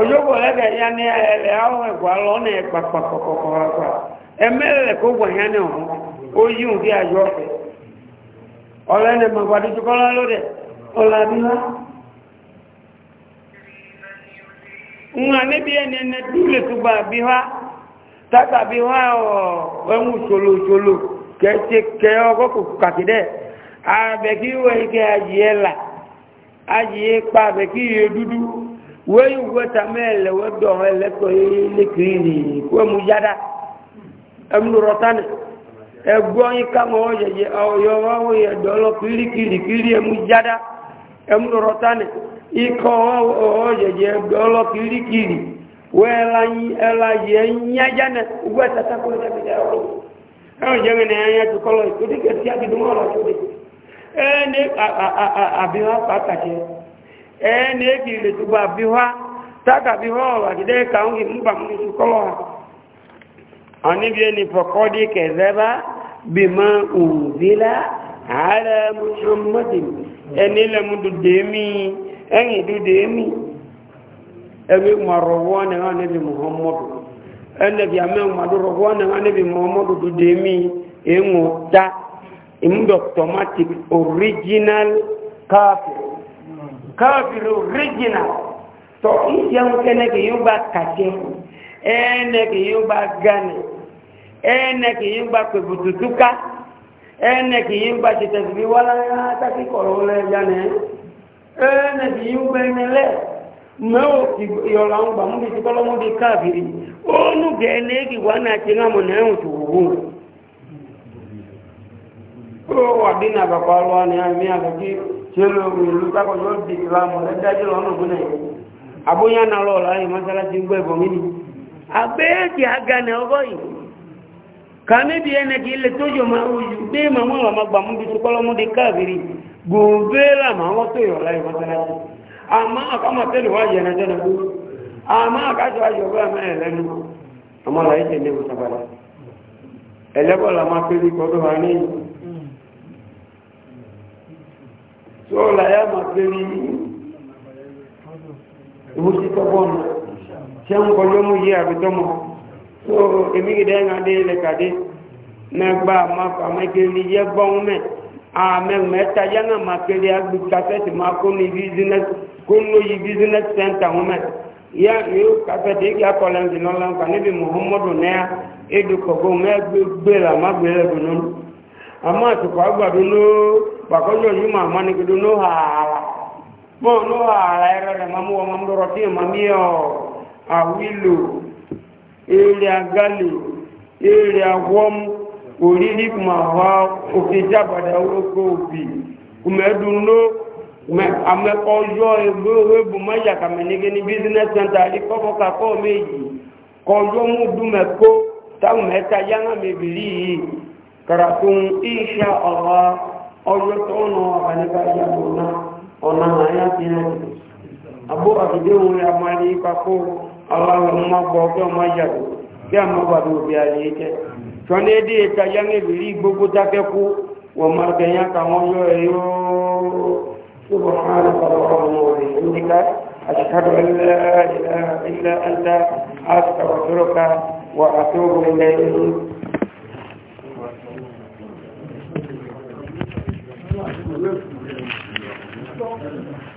ojogbo lẹ́gẹ̀ ya ní ẹ̀lẹ̀ àwọn ẹ̀gbà lọ́nà ẹ̀gbà pàpàpàpàpà ẹ̀mẹ́lẹ̀ kó gbà ya ní ọ̀hún ó yí òun bí àjọ ọ̀fẹ́ ọ̀lẹ́ni mọ̀gbàdì tó kọ́lá lóde ọ̀làbílá ńlá níbi ẹni ẹni dúlé tó gbà bí wá tàbí bí wá ẹ̀mú ṣòlò ṣòlò kẹ́ẹ̀ṣe kẹ́ ọgọ́ kò kàkídẹ́ àbẹ̀kí wẹ̀ ike àjì ẹ̀ là àjì ẹ̀ pa àbẹ̀kí iye dúdú wéyí wẹ́ta mẹ́lẹ̀ wẹ́dọ̀ ẹlẹ́tọ̀ lékiri ni kó mu yára ẹmúlòrọ̀ tánì ẹgbọ́n yín káwọn ọ̀yẹ̀yẹ ọ̀yọ́ ọ̀wọ́ ẹ̀dọ́ lọ kiri kiri kiri ẹmú yára ẹmúlòrọ̀ tánì ikọ̀ ọ̀yẹ̀yẹ ẹ̀dọ́ lọ kiri kiri wẹ́ẹ̀la yẹ nyájá jẹ́ a ti dùn ọ̀rọ̀ tó dé ẹ̀ ee na-egi iletugba bihwa taka bihwa ọwa gide ka ngi mba mmisi kọlọ ha anibie ni fakọdi kẹzẹba bima unzila ala muhammadin ẹni lẹmu dudemi ẹni dudemi ẹni marọwọ na anabi muhammadu ẹnabi amẹwàdú muhammadu ta original káfíìrì ríjìnà tọ́ ìjẹun kẹ́nẹ́ kì yóò bá kàjẹ́ ẹ́nẹ́ kì yóò bá gánì ẹ́nẹ́ kì yóò bá pẹ̀bùtù túká ẹ́nẹ́ kì yóò bá ṣètẹ̀sì bí wọ́n lára tákì kọ̀rọ̀ lẹ́yìn ẹ́nẹ́ kì yóò bá ẹni lẹ́ mẹ́wò yọ̀lá ti selo olùkọ́ yóò di ìsìlámù ẹ̀dájú lọ́nà ògùn náà abóyá náà lọ láyé mọ́sálásí ń gbọ́ ẹ̀bọ̀n mi ni abéèkì aganẹ ọgọ́ yìí kàmíbi ẹnẹ kì í lè tójò máa ń wuyù bí màmú ọ̀rọ̀ máa gbà mú bí sukọ́lọ́múdi káàkiri gbòòvé làmà wọ́n tó yọ̀ láyé mọ́sálásí àmọ́ àkọ́mọ tẹ́lẹ̀ wá yẹn ẹjọ́ náà àmọ́ àkájọ ayọ̀ bá mẹ́rin lẹ́nu ọmọ làyé tẹ̀lé wọ́n sábàlá ẹlẹ́bọ̀ làmà pé sọ́rọ̀ láyá máa pé rí ìwúsí tọ́gbọ́n tí a ń kọ lọ́mú yí àbítọ́mọ̀ tó èmi gẹ̀dẹ́ ń adé ilẹ̀ kàdé nẹgbà máa fàmọ́ ike ní yẹ gbọ́n mẹ́ àmẹ́mẹ́ta yánà máa kéde agbè kásẹ̀tì máa kó ní business center mẹ́ yá yóò kásẹ̀tì ìgbé akọlẹ̀ ń dì lọ́lọ́ níbi muhammadu náà èdè kọ̀ọ̀kọ̀ mẹ́gbẹ́gbẹ́ làmágbẹ́lẹ́gbẹ́ náà ama tukwa agbado no bakojo nyuma amani kido no hala mo no hala era na mamu wa mamdo roti mamio awilu ile agali ile awom oriri kuma wa okija bada oko obi kumedu no me ame ojo ebe webu maya kamenige ni business center ikobo ka ko meji ta karatun insha Allah ọjọ́ tó ọ̀nà àbáníká ìyàwó náà ọ̀nà àyà ti hàn abó àfìdéhùn rẹ̀ máa ní ipapó a máa wà lóbi ayé jẹ́ ṣọ́nà èdè ìta yánẹ́bì rí gbogbo dákẹ́kú wọ́n máa gẹ̀yà káwọn yọ أشهد أن لا إله إلا أنت أستغفرك وأتوب إليك Thank you.